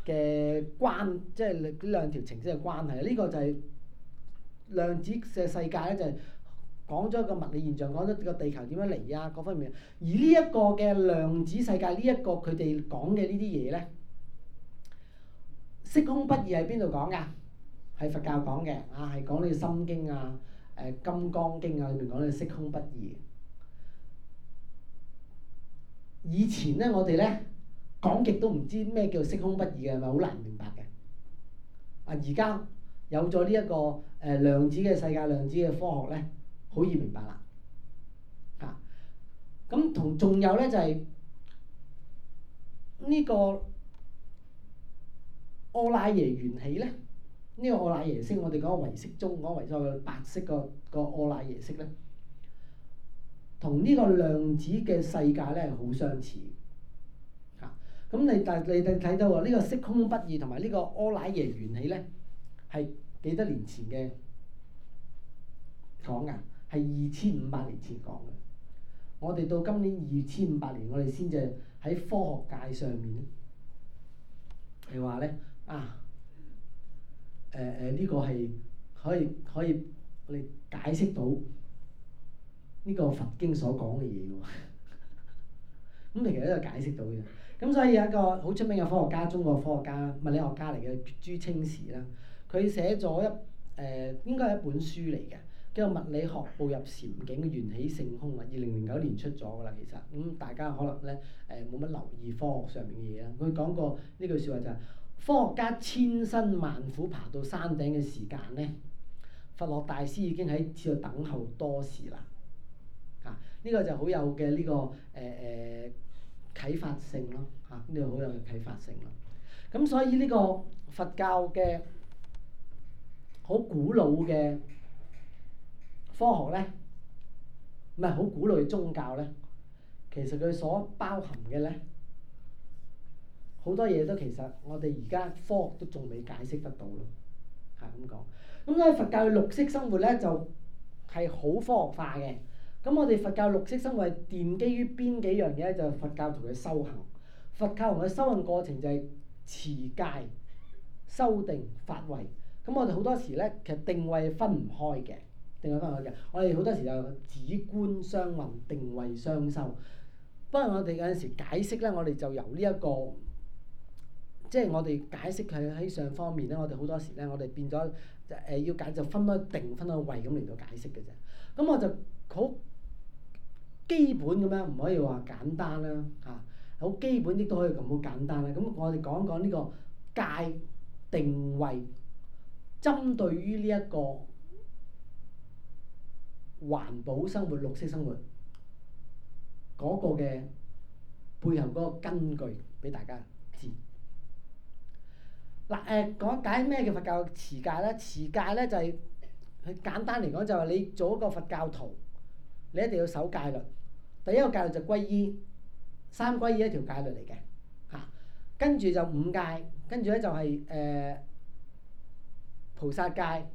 嘅關，即係呢兩條程式嘅關係。呢個就係量子嘅世界咧，就係。講咗個物理現象，講咗個地球點樣嚟啊，各方面。而呢一個嘅量子世界，這個、呢一個佢哋講嘅呢啲嘢咧，色空不二喺邊度講噶？係佛教講嘅啊，係講你《心經》啊、誒《金剛經》啊裏面講你色空不二。以前咧，我哋咧講極都唔知咩叫色空不二嘅，係咪好難明白嘅？啊，而家有咗呢一個誒量子嘅世界，量子嘅科學咧。好易明白啦，嚇、啊！咁同仲有咧就係、是、呢個阿賴耶緣起咧，呢、這個阿賴耶識，我哋講唯識中，講遺在白色個、那個阿賴耶識咧，同呢個量子嘅世界咧係好相似嘅，咁你但你哋睇到啊，呢、嗯這個色空不二同埋呢個阿賴耶緣起咧，係幾多年前嘅講噶？係二千五百年前講嘅，我哋到今年二千五百年，我哋先至喺科學界上面係話咧啊，誒誒呢個係可以可以我哋解釋到呢個佛經所講嘅嘢喎，咁其實都有解釋到嘅，咁所以有一個好出名嘅科學家中國科學家、物理學家嚟嘅朱清時啦，佢寫咗一誒、呃、應該係一本書嚟嘅。叫物理學步入禪境嘅緣起性空啊！二零零九年出咗噶啦，其實咁、嗯、大家可能咧誒冇乜留意科學上面嘅嘢啊。佢講過呢句説話就係、是：科學家千辛萬苦爬到山頂嘅時間咧，佛洛大師佛學大師已經喺此度等候多時啦。啊，呢、這個就好有嘅呢、這個誒誒啟發性咯嚇，呢、啊這個好有嘅啟發性啦。咁、啊、所以呢個佛教嘅好古老嘅。科學咧唔係好鼓勵宗教咧，其實佢所包含嘅咧，好多嘢都其實我哋而家科學都仲未解釋得到咯，係咁講。咁所以佛教嘅綠色生活咧就係、是、好科學化嘅。咁、嗯、我哋佛教綠色生活係奠基於邊幾樣嘢咧？就係、是、佛教同佢修行，佛教同佢修行過程就係持戒、修定、發慧。咁、嗯、我哋好多時咧其實定位係分唔開嘅。定翻佢嘅，我哋好多時就止觀雙運、定慧雙修。不過，我哋有陣時解釋咧，我哋就由呢一個即係我哋解釋佢喺上方面咧，我哋好多時咧，我哋變咗誒、呃、要解就分開定、分開慧咁嚟到解釋嘅啫。咁我就好基本咁樣，唔可以話簡單啦嚇。好、啊、基本亦都可以咁好簡單啦。咁我哋講一講呢個戒定慧，針對於呢、這、一個環保生活、綠色生活嗰個嘅背後嗰個根據，俾大家知。嗱誒，講解咩叫佛教嘅持戒咧？持戒咧就係簡單嚟講，就係你做一個佛教徒，你一定要守戒律。第一個戒律就皈依，三皈依一條戒律嚟嘅嚇。跟住就五戒，跟住咧就係誒菩薩戒，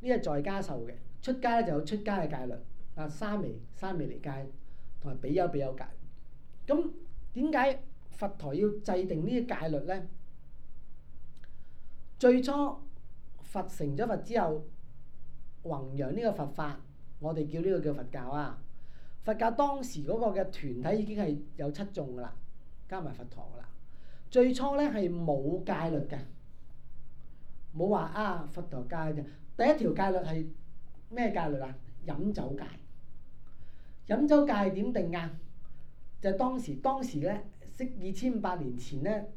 呢個在家受嘅。出街咧就有出街嘅戒律，嗱沙彌、沙彌尼戒同埋比丘、比丘戒。咁點解佛陀要制定呢啲戒律咧？最初佛成咗佛之後，弘揚呢個佛法，我哋叫呢個叫佛教啊。佛教當時嗰個嘅團體已經係有七眾噶啦，加埋佛陀噶啦。最初咧係冇戒律嘅，冇話啊佛陀戒啫。第一條戒律係。咩戒律啊？飲酒戒。飲酒戒係點定噶？就係、是、當時當時咧，識二千五百年前咧，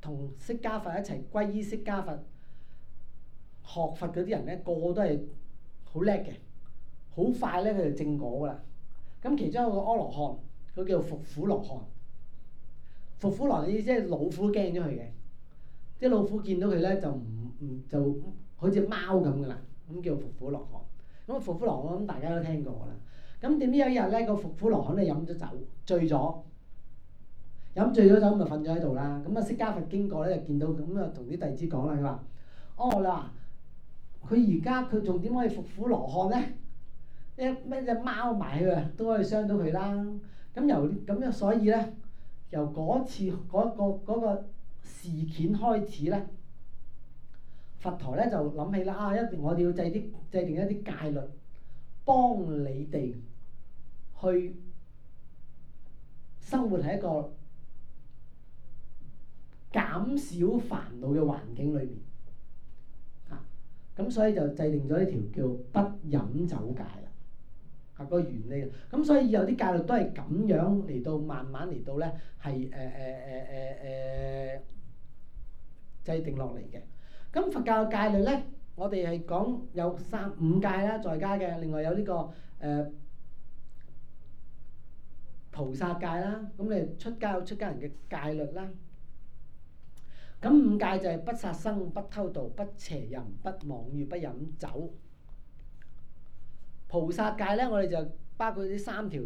同釋迦佛一齊皈依釋迦佛。學佛嗰啲人咧，個個都係好叻嘅，好快咧，佢就正果噶啦。咁其中有一個阿羅漢，佢叫伏虎羅漢。伏虎羅嘅意思，即係老虎驚咗佢嘅，即係老虎見到佢咧就唔唔就好似貓咁噶啦，咁叫伏虎羅漢。咁伏虎羅漢，咁大家都聽過啦。咁點知有一日咧，個伏虎羅漢咧飲咗酒，醉咗，飲醉咗酒咁就瞓咗喺度啦。咁啊釋迦佛經過咧，就見到咁啊同啲弟子講啦，佢話：哦嗱，佢而家佢仲點可以伏虎羅漢咧？咩乜隻貓埋去呀，都可以傷到佢啦。咁由咁樣所以咧，由嗰次嗰、嗰個嗰個事件開始咧。佛陀咧就諗起啦啊！一定我哋要制定制定一啲戒律，幫你哋去生活喺一個減少煩惱嘅環境裏面啊！咁所以就制定咗呢條叫不飲酒戒啦。啊，嗰個原理。咁所以有啲戒律都係咁樣嚟到，慢慢嚟到咧，係誒誒誒誒誒制定落嚟嘅。咁佛教嘅戒律咧，我哋係講有三五戒啦，在家嘅，另外有呢個誒菩薩戒啦。咁你出家出家人嘅戒律啦。咁五戒就係不殺生、不偷盜、不邪淫、不妄語、不飲酒。菩薩戒咧，我哋就包括呢三條，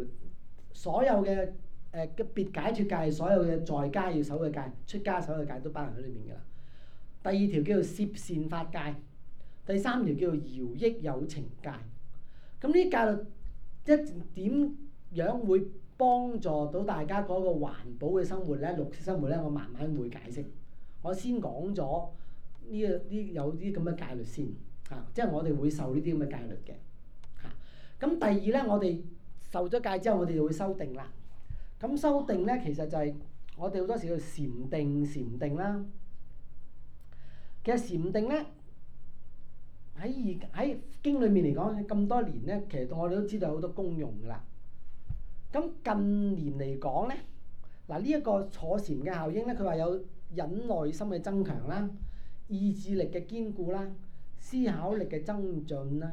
所有嘅誒嘅別解脫戒，所有嘅在家要守嘅戒、出家守嘅戒都包含喺裏面㗎喇。第二條叫做攝善法戒，第三條叫做饒益有情戒。咁呢啲戒律即點樣會幫助到大家嗰個環保嘅生活咧，綠色生活咧，我慢慢會解釋。我先講咗呢啲有啲咁嘅戒律先嚇、啊，即係我哋會受呢啲咁嘅戒律嘅嚇。咁、啊、第二咧，我哋受咗戒之後，我哋就會修定啦。咁修定咧，其實就係、是、我哋好多時叫「禪定」、禪定啦。其實禪定咧，喺而喺經裏面嚟講，咁多年咧，其實我哋都知道好多功用噶啦。咁近年嚟講咧，嗱呢一個坐禪嘅效應咧，佢話有忍耐心嘅增強啦，意志力嘅堅固啦，思考力嘅增進啦，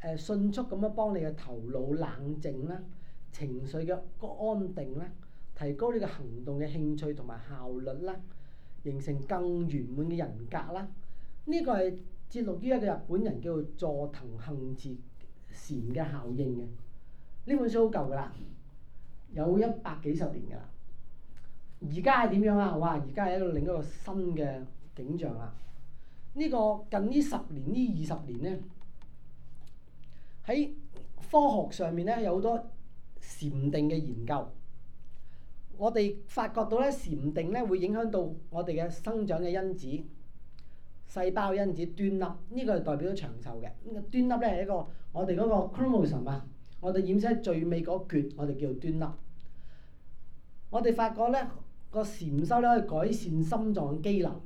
誒迅速咁樣幫你嘅頭腦冷靜啦，情緒嘅安定啦，提高你嘅行動嘅興趣同埋效率啦。形成更圓滿嘅人格啦，呢、這個係節錄於一個日本人叫做佐藤幸哲禪嘅效應嘅，呢本書好舊噶啦，有一百幾十年噶啦，而家係點樣啊？哇！而家係一個另一個新嘅景象啦，呢、這個近呢十年，年呢二十年咧，喺科學上面咧有好多禪定嘅研究。我哋發覺到咧，禪定咧會影響到我哋嘅生長嘅因子、細胞因子、端粒呢個係代表長壽嘅。端粒咧係一個我哋嗰個 chromosome 啊，我哋染色最尾嗰橛，我哋叫端粒。我哋發覺咧，這個禪修咧可以改善心臟機能，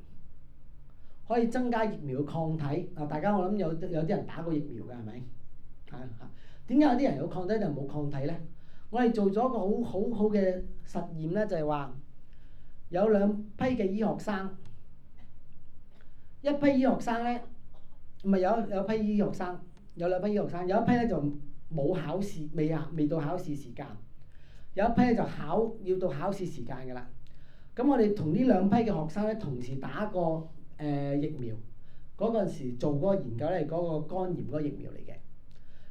可以增加疫苗嘅抗體。嗱，大家我諗有有啲人打過疫苗嘅係咪？啊嚇，點解有啲人有抗體，有冇抗體咧？我哋做咗個好好好嘅實驗咧，就係話有兩批嘅醫學生，一批醫學生咧，唔係有有批醫學生，有兩批醫學生，有一批咧就冇考試，未啊，未到考試時間；有一批咧就考，要到考試時間噶啦。咁我哋同呢兩批嘅學生咧同時打個誒疫苗嗰個陣時做個研究咧，嗰個肝炎嗰個疫苗嚟嘅。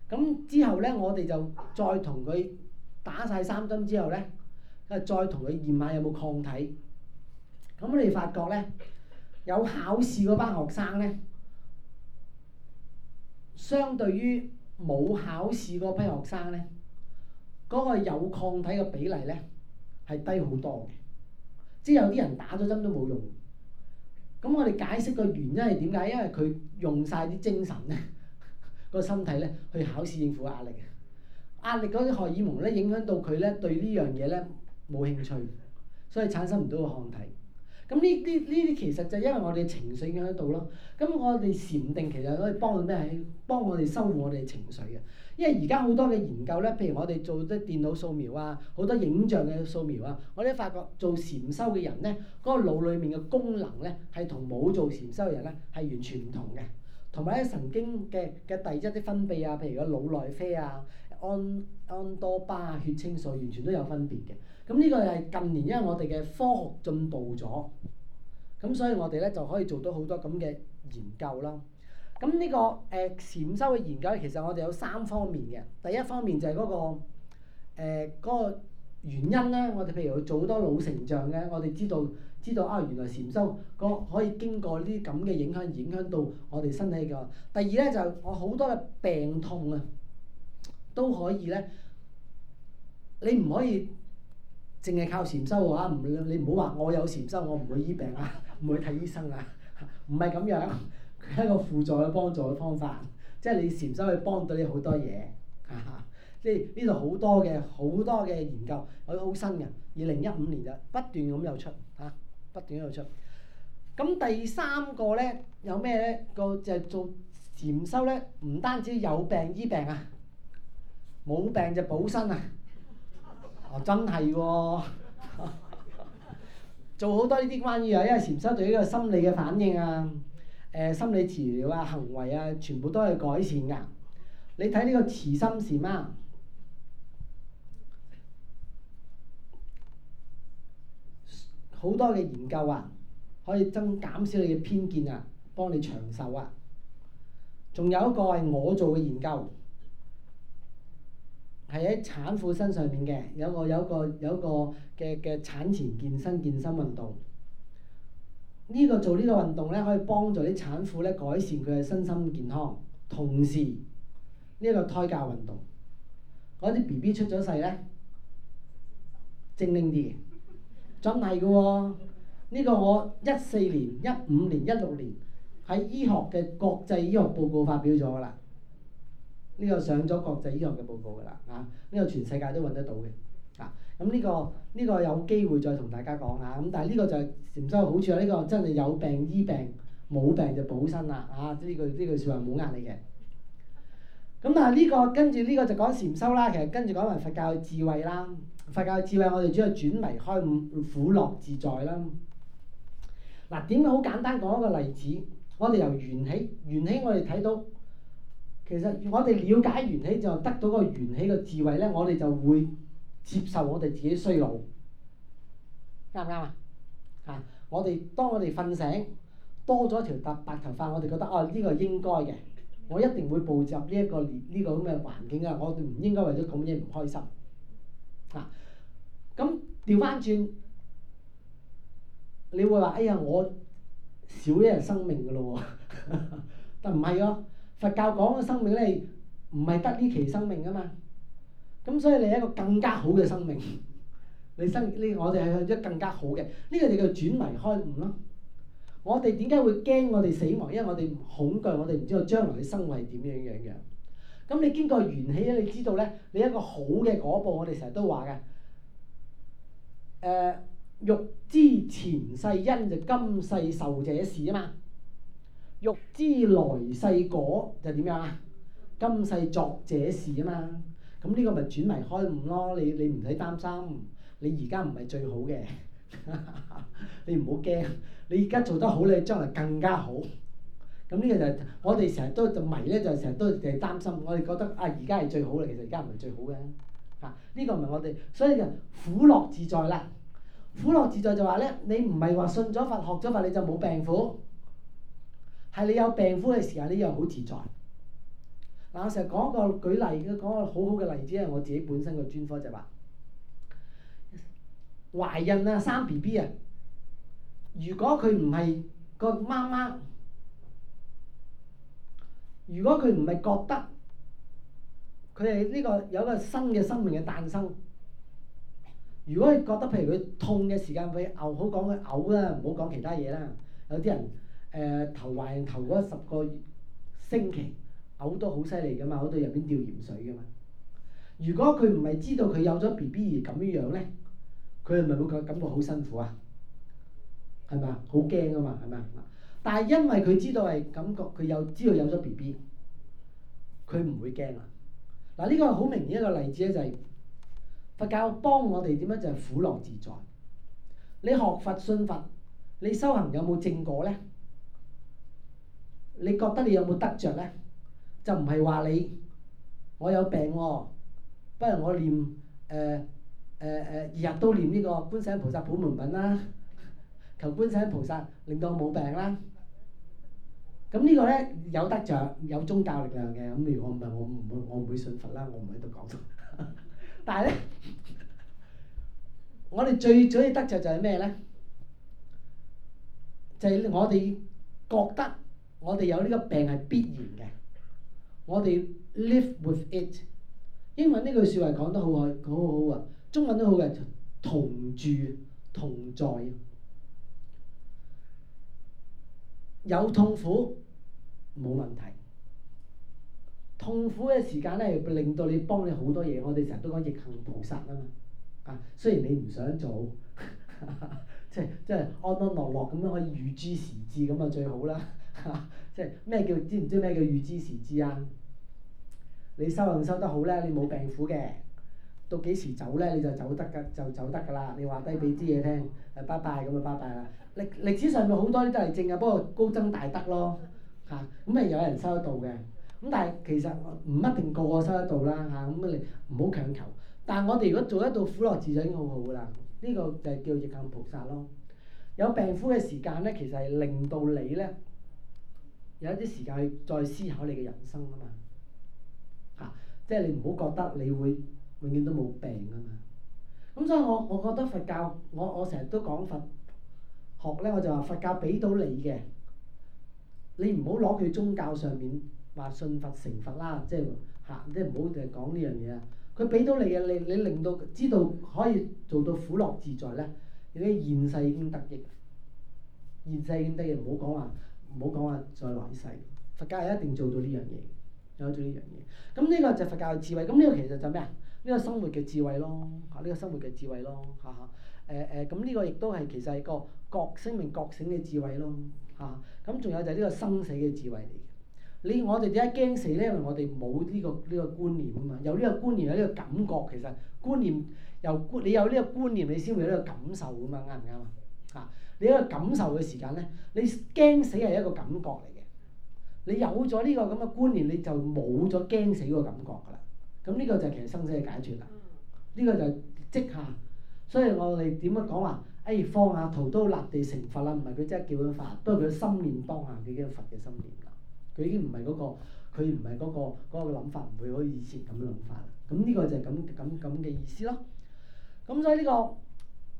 咁之後咧，我哋就再同佢。打晒三針之後咧，啊再同佢驗下有冇抗體。咁你發覺咧，有考試嗰班學生咧，相對於冇考試嗰批學生咧，嗰個有抗體嘅比例咧係低好多嘅。即係有啲人打咗針都冇用。咁我哋解釋個原因係點解？因為佢用晒啲精神咧，個身體咧去考試應付壓力。壓力嗰啲荷爾蒙咧，影響到佢咧對呢樣嘢咧冇興趣，所以產生唔到個抗體。咁呢啲呢啲其實就因為我哋情緒影響到度咯。咁我哋禪定其實可以幫到咩？係幫我哋收護我哋情緒嘅。因為而家好多嘅研究咧，譬如我哋做啲電腦掃描啊，好多影像嘅掃描啊，我哋都發覺做禪修嘅人咧，嗰個腦裡面嘅功能咧係同冇做禪修嘅人咧係完全唔同嘅。同埋咧神經嘅嘅第一啲分泌啊，譬如個腦內啡啊。安安多巴血清素完全都有分別嘅。咁、嗯、呢、這個係近年因為我哋嘅科學進步咗，咁、嗯、所以我哋咧就可以做到好多咁嘅研究啦。咁、嗯、呢、這個誒禪修嘅研究其實我哋有三方面嘅，第一方面就係嗰、那個誒、呃這個、原因啦。我哋譬如去做好多腦成像嘅，我哋知道知道啊、哦、原來禪修個可以經過呢啲咁嘅影響，影響到我哋身體嘅。第二咧就我、是、好多嘅病痛啊。都可以咧，你唔可以淨係靠禪修嘅話，唔你唔好話我有禪修，我唔會醫病啊，唔會睇醫生啊，唔係咁樣，佢係一個輔助嘅幫助嘅方法，即係你禪修去幫到你好多嘢啊！即係呢度好多嘅好多嘅研究，佢都好新嘅，二零一五年就不斷咁又出嚇，不斷咁又出。咁、啊、第三個咧有咩咧？個就係、是、做禪修咧，唔單止有病醫病啊。冇病就保身啊！ 哦，真係喎、哦， 做好多呢啲關於啊，因為禪修對呢個心理嘅反應啊、誒、呃、心理治療啊、行為啊，全部都係改善㗎。你睇呢個慈心禪、啊？好多嘅研究啊，可以增減少你嘅偏見啊，幫你長壽啊。仲有一個係我做嘅研究。係喺產婦身上面嘅，有個有個有個嘅嘅產前健身健身運動。呢個做呢個運動咧，可以幫助啲產婦咧改善佢嘅身心健康，同時呢個胎教運動。嗰啲 B B 出咗世咧，精靈啲，真係㗎喎？呢個我一四年、一五年、一六年喺醫學嘅國際醫學報告發表咗噶啦。呢個上咗國際醫學嘅報告㗎啦，啊，呢、這個全世界都揾得到嘅，啊，咁、這、呢個呢、這個有機會再同大家講下。咁、啊、但係呢個就係禪修嘅好處啦，呢、這個真係有病醫病，冇病就補身啦，啊，呢、這個、句呢句說話冇呃你嘅。咁啊，呢、這個跟住呢個就講禪修啦，其實跟住講埋佛教嘅智慧啦，佛教嘅智慧我哋主要轉迷開悟，苦樂自在啦。嗱、啊，點解，好簡單講一個例子，我哋由緣起，緣起我哋睇到。其實我哋了解緣起就得到個緣起嘅智慧咧，我哋就會接受我哋自己衰老，啱唔啱啊？啊！我哋當我哋瞓醒，多咗一條白白頭髮，我哋覺得哦，呢個應該嘅，我一定會步入呢一個呢、呢個咁嘅環境啊！我哋唔應該為咗咁嘢唔開心。啊！咁調翻轉，你會話，哎呀，我少一日生命㗎喇喎， 但唔係咯。佛教講嘅生命咧，唔係得呢期生命㗎嘛，咁所以你一個更加好嘅生命，你生呢我哋係一更加好嘅，呢個就叫轉迷開悟咯。我哋點解會驚我哋死亡？因為我哋恐懼我哋唔知道將來嘅生活點樣樣嘅。咁你經過元氣咧，你知道咧，你一個好嘅果報，我哋成日都話嘅。誒、呃，欲知前世因，就今世受者是啊嘛。欲知肉來世果就點樣啊？今世作者事啊嘛，咁呢個咪轉迷開悟咯。你你唔使擔心，你而家唔係最好嘅， 你唔好驚。你而家做得好，你將來更加好。咁呢個就係、我哋成日都就迷咧，就成日都係擔心。我哋覺得啊，而家係最好嘅，其實而家唔係最好嘅。啊，呢個唔係我哋，所以就苦樂自在啦。苦樂自在就話咧，你唔係話信咗佛、學咗佛，你就冇病苦。係你有病夫嘅時候，你又好自在。嗱、啊，我成日講一個舉例嘅，講個好好嘅例子係我自己本身嘅專科就嘛、話。懷孕啊，生 B B 啊，如果佢唔係個媽媽，如果佢唔係覺得佢係呢個有一個新嘅生命嘅誕生，如果佢覺得譬如佢痛嘅時間，佢如嘔、呃，好講佢嘔啦，唔好講其他嘢啦，有啲人。誒、呃、頭懷孕嗰十個星期，嘔都好犀利噶嘛，嘔到入邊吊鹽水噶嘛。如果佢唔係知道佢有咗 B B 而咁樣樣咧，佢係咪會感感覺好辛苦啊？係咪啊？好驚啊嘛，係咪啊？但係因為佢知道係感覺佢有知道有咗 B B，佢唔會驚啊。嗱、這、呢個好明顯一個例子咧，就係、是、佛教幫我哋點樣就係、是、苦樂自在。你學佛信佛，你修行有冇正果咧？你覺得你有冇得著咧？就唔係話你我有病喎，不如我念誒誒誒，日日都念呢個觀世音菩薩本門品啦，求觀世音菩薩令到我冇病啦。咁呢個咧有得著，有宗教力量嘅。咁如果唔係，我唔會我唔會信佛啦，我唔喺度講。但係咧，我哋最主要得著就係咩咧？就係我哋覺得。我哋有呢個病係必然嘅，我哋 live with it。英文呢句説話講得好，好好好啊！中文都好嘅，同住同在，有痛苦冇問題。痛苦嘅時間咧，令到你幫你好多嘢。我哋成日都講逆行菩薩啊嘛，啊！雖然你唔想做， 即係即係安安樂樂咁樣可以預知時至咁啊，最好啦。嚇！即係咩叫知唔知咩叫預知時知啊？你收能收得好咧，你冇病苦嘅，到幾時走咧，你就走得嘅，就走得㗎啦。你話低畀啲嘢聽，誒拜拜咁啊，拜拜啦。歷歷史上面好多都係正嘅，不過高僧大德咯嚇。咁咪有人收得到嘅，咁但係其實唔一定個個收得到啦嚇。咁你唔好強求，但係我哋如果做得到苦樂自已經好好噶啦。呢個就係叫逆行菩薩咯。有病苦嘅時間咧，其實係令到你咧。有一啲時間去再思考你嘅人生啊嘛，嚇、啊！即係你唔好覺得你會永遠都冇病啊嘛。咁所以我，我我覺得佛教，我我成日都講佛學咧，我就話佛教俾到你嘅，你唔好攞佢宗教上面話信佛成佛啦，即係嚇、啊，即係唔好淨係講呢樣嘢啊。佢俾到你嘅，你你令到知道可以做到苦樂自在咧，你啲現世已經得益，現世已經得益，唔好講話。唔好講話再來世，佛教係一定做到呢樣嘢，有做呢樣嘢。咁、嗯、呢、這個就佛教嘅智慧。咁、嗯、呢、這個其實就咩啊？呢、這個生活嘅智慧咯，嚇、嗯！呢、這個，個生活嘅智慧咯，嚇、嗯、嚇。誒咁呢個亦都係其實係個覺生命覺醒嘅智慧咯，嚇。咁仲有就係呢個生死嘅智慧嚟。你我哋點解驚死咧？因為我哋冇呢個呢、這個觀念啊嘛。有呢個觀念有呢個感覺，其實觀念由你有呢個觀念，你先會有呢個感受啊嘛。啱唔啱啊？嚇、嗯！你一個感受嘅時間咧，你驚死係一個感覺嚟嘅。你有咗呢個咁嘅觀念，你就冇咗驚死個感覺噶啦。咁呢個就係其實生死嘅解決啦。呢、嗯、個就係即下，所以我哋點樣講話？誒、哎，放下屠刀立地成佛啦，唔係佢真係叫佢佛，不過佢心念當下佢已經佛嘅心念啦。佢已經唔係嗰個，佢唔係嗰個嗰、嗰個諗法，唔會好似以前咁嘅諗法啦。咁呢個就係咁咁咁嘅意思咯。咁所以呢個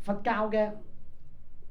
佛教嘅。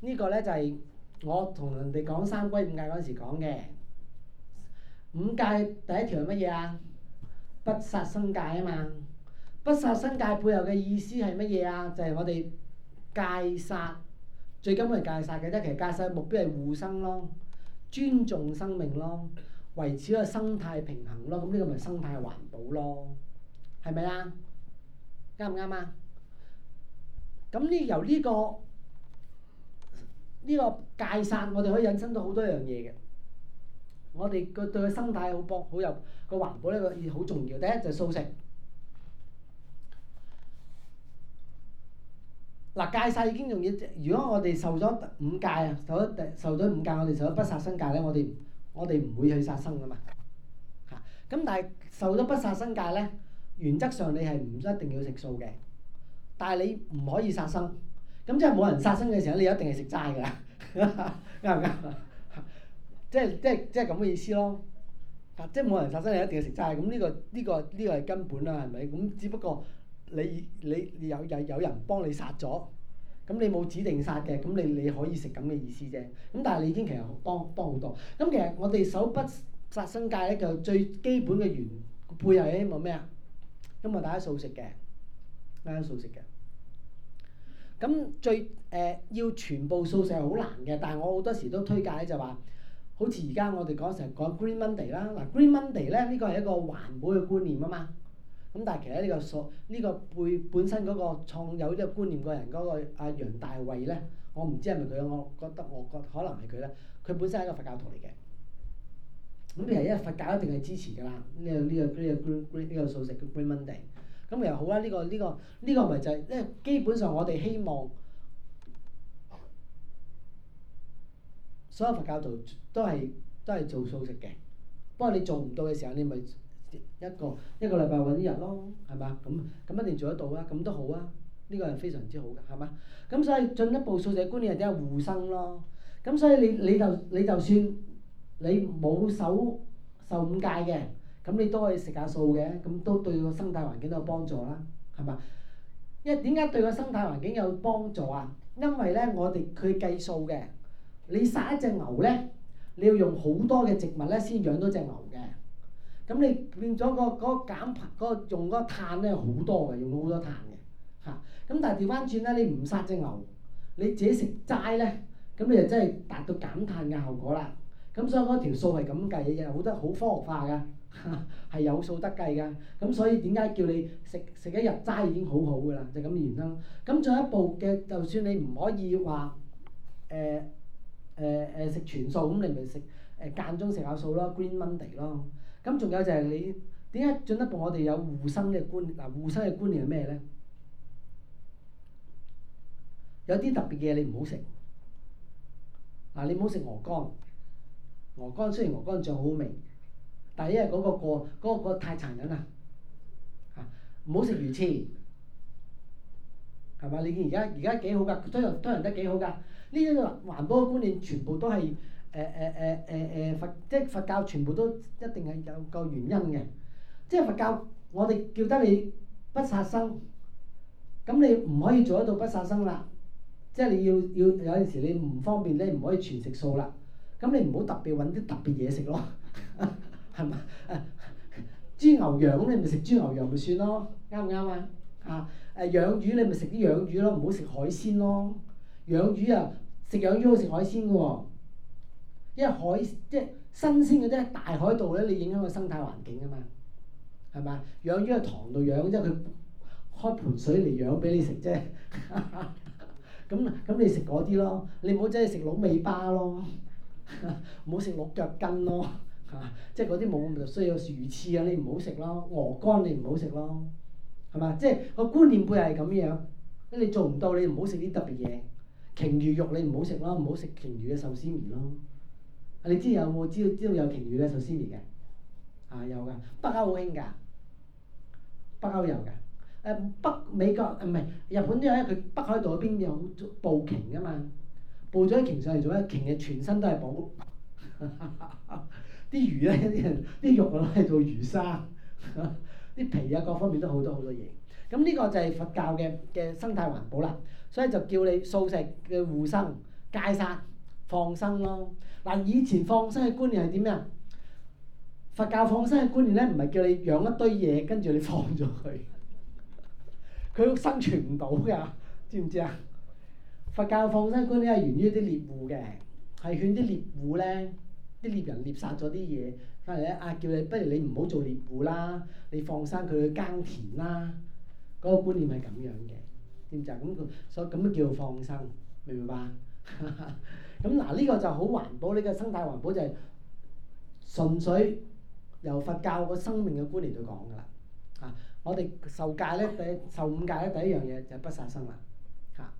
呢個咧就係我同人哋講三歸五戒嗰陣時講嘅五戒，第一條係乜嘢啊？不殺生戒啊嘛，不殺生戒背後嘅意思係乜嘢啊？就係我哋戒殺，最根本係戒殺嘅啫。其實戒殺嘅目標係護生咯，尊重生命咯，維持一個生態平衡咯。咁呢個咪生態環保咯，係咪啊？啱唔啱啊？咁呢由呢個。呢個戒殺，我哋可以引申到好多樣嘢嘅。我哋個對個生態好博，好有個環保呢個嘢好重要。第一就係、是、素食。嗱，戒殺已經容易。如果我哋受咗五戒啊，受咗第受咗五戒，我哋受咗不殺生戒咧，我哋我哋唔會去殺生㗎嘛。嚇、啊！咁但係受咗不殺生戒咧，原則上你係唔一定要食素嘅，但係你唔可以殺生。咁、嗯嗯、即係冇人殺生嘅時候，你一定係食齋㗎，啱唔啱？即係即係即係咁嘅意思咯。即係冇人殺生，你一定要食齋。咁呢、呢個呢、呢個呢、呢個係根本啦、啊，係咪？咁只不過你你，你有有有人幫你殺咗，咁你冇指定殺嘅，咁你你可以食咁嘅意思啫。咁但係你已經其實幫幫好多。咁其實我哋守不殺生戒咧，就最基本嘅原背後咧，冇咩啊？因為大家素食嘅，啱素食嘅。咁最誒、呃、要全部素食好難嘅，但係我好多時都推介咧就話，好似而家我哋講成講 Green Monday 啦、啊，嗱 Green Monday 咧呢、呢個係一個環保嘅觀念啊嘛。咁、啊、但係其實呢、呢個素呢、呢個背本身嗰個創有呢個觀念人個人嗰個阿楊大衛咧，我唔知係咪佢，我覺得我覺得可能係佢啦。佢本身係一個佛教徒嚟嘅，咁、啊、其實因為佛教一定係支持㗎啦。呢、呢個呢、呢個呢、呢個 Green 呢、呢個素食、呢個、Green Monday。咁又好啦、啊，呢個呢個呢個咪就係，因為基本上我哋希望所有佛教徒都係都係做素食嘅。不過你做唔到嘅時候，你咪一個一個禮拜揾一日咯，係嘛？咁咁一定做得到啊，咁都好啊，呢個係非常之好嘅，係嘛？咁所以進一步素食觀念係點啊？互生咯。咁所以你你就你就算你冇守受五戒嘅。咁你都可以食下素嘅，咁都對個生態環境有幫助啦，係嘛？因為點解對個生態環境有幫助啊？因為咧，我哋去計數嘅，你殺一隻牛咧，你要用好多嘅植物咧先養到隻牛嘅。咁你變咗、那個嗰、那個、減排嗰用嗰碳咧好多嘅，用咗好多，多碳嘅嚇。咁、啊、但係調翻轉咧，你唔殺隻牛，你自己食齋咧，咁你就真係達到減碳嘅效果啦。咁所以嗰條數係咁計嘅，亦好得好科學化㗎。係 有數得計噶，咁所以點解叫你食食一日齋已經好好噶啦？就咁原因。咁進一步嘅，就算你唔可以話誒誒誒食全素，咁你咪食誒、呃、間中食下素咯，Green Monday 咯。咁仲有就係你點解進一步？我哋有護生嘅觀嗱，護生嘅觀念係咩咧？有啲特別嘅嘢你唔好食嗱、啊，你唔好食鵝肝。鵝肝雖然鵝肝醬好味。第一日嗰個過、嗰個過太殘忍啦嚇！唔好食魚翅係嘛？你見而家而家幾好噶？推行推行得幾好噶？呢啲環保嘅觀念全部都係誒誒誒誒誒佛，即係佛教，全部都一定係有個原因嘅。即係佛教，我哋叫得你不殺生，咁你唔可以做得到不殺生啦。即係你要要有陣時你唔方便咧，唔可以全食素啦。咁你唔好特別揾啲特別嘢食咯。 係嘛？誒、啊、豬牛羊你咪食豬牛羊咪算對對、啊、咯，啱唔啱啊？啊誒養魚你咪食啲養魚咯，唔好食海鮮咯。養魚啊，食養魚好食海鮮嘅喎，因為海即係新鮮嗰啲喺大海度咧，你影響個生態環境㗎嘛。係咪？養魚喺塘度養，即係佢開盆水嚟養俾你食啫。咁 咁，你食嗰啲咯，你唔好真係食鹿尾巴咯，唔好食鹿腳筋咯。啊、即係嗰啲冇咁樣，需要魚翅啊，你唔好食咯；鵝肝你唔好食咯，係嘛？即係個觀念背係咁樣。咁你做唔到，你唔好食啲特別嘢。鯨魚肉你唔好食咯，唔好食鯨魚嘅壽司麪咯。你知有冇？知道知道有，有鯨魚嘅壽司麪嘅？嚇、啊、有噶，北歐好興噶，北歐有噶。誒、啊、北美國唔係、啊、日本都有，佢北海道嗰邊有捕鯨噶嘛，捕咗一鯨上嚟做，一鯨嘅全身都係寶。 啲魚咧，啲人啲肉攞嚟做魚生，啲皮啊，各方面都好多好多嘢。咁呢個就係佛教嘅嘅生態環保啦，所以就叫你素食嘅護生、戒殺、放生咯。嗱，以前放生嘅觀念係點咩啊？佛教放生嘅觀念咧，唔係叫你養一堆嘢，跟住你放咗佢，佢生存唔到㗎，知唔知啊？佛教放生嘅觀念係源於一啲獵戶嘅，係勸啲獵戶咧。啲獵人獵殺咗啲嘢，翻嚟咧啊！叫你不如你唔好做獵戶啦，你放生佢去耕田啦。嗰、那個觀念係咁樣嘅，點就咁佢所以咁都叫做放生，明唔明白？咁 嗱，呢、這個就好環保。呢個生態環保就係純粹由佛教個生命嘅觀念度講㗎啦。啊，我哋受戒咧，第受五戒咧，第一樣嘢就係不殺生啦。嚇、啊，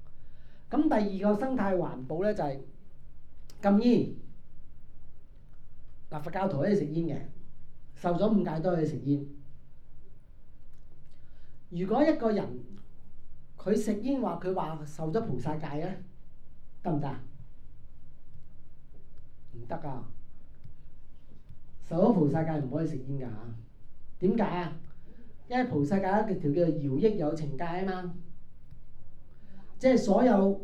咁第二個生態環保咧就係、是、禁煙。佛教徒可以食煙嘅，受咗五戒都可以食煙。如果一個人佢食煙話，話佢話受咗菩薩戒咧，得唔得？唔得啊！受咗菩薩戒唔可以食煙㗎嚇。點解啊？因為菩薩戒一條叫做「饒益有情戒啊嘛，即係所有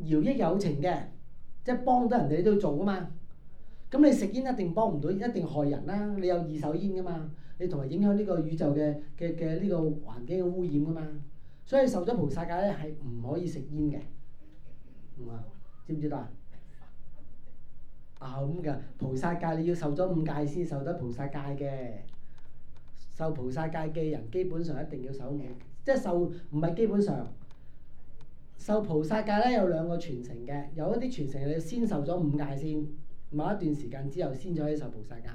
饒益有情嘅，即係幫到人哋都做啊嘛。咁你食煙一定幫唔到，一定害人啦，啊。你有二手煙㗎嘛？你同埋影響呢個宇宙嘅嘅嘅呢個環境嘅污染㗎嘛？所以受咗菩薩戒咧，係唔可以食煙嘅。唔啊，知唔知道啊？咁嘅菩薩戒，你要受咗五戒先受得菩薩戒嘅。受菩薩戒嘅人基本上一定要守五，即係受唔係基本上受菩薩戒咧，有兩個傳承嘅，有一啲傳承你先受咗五戒先。某一段時間之後，先可以受菩薩戒。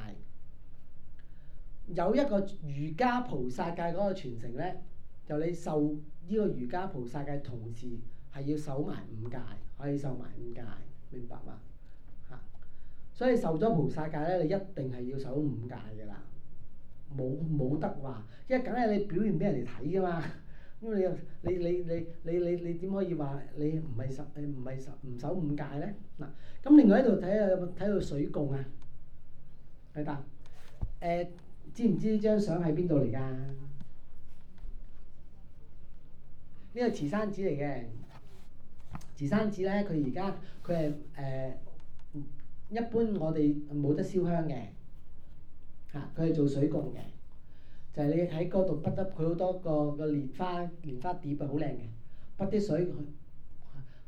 有一個瑜伽菩薩戒嗰個傳承咧，就你受呢個瑜伽菩薩戒同時係要守埋五戒，可以守埋五戒，明白嘛？嚇！所以受咗菩薩戒咧，你一定係要守五戒噶啦，冇冇得話，因為梗係你表現俾人哋睇噶嘛。咁你又你你你你你你點可以話你唔係十你唔係十唔守五戒咧嗱？咁另外喺度睇下有冇睇到水供啊？係得誒？知唔知呢張相喺邊度嚟㗎？呢個慈山寺嚟嘅，慈山寺咧佢而家佢係誒一般我哋冇得燒香嘅嚇，佢、啊、係做水供嘅。就係你喺嗰度不得佢好多個個蓮花蓮花碟啊，好靚嘅，潑啲水去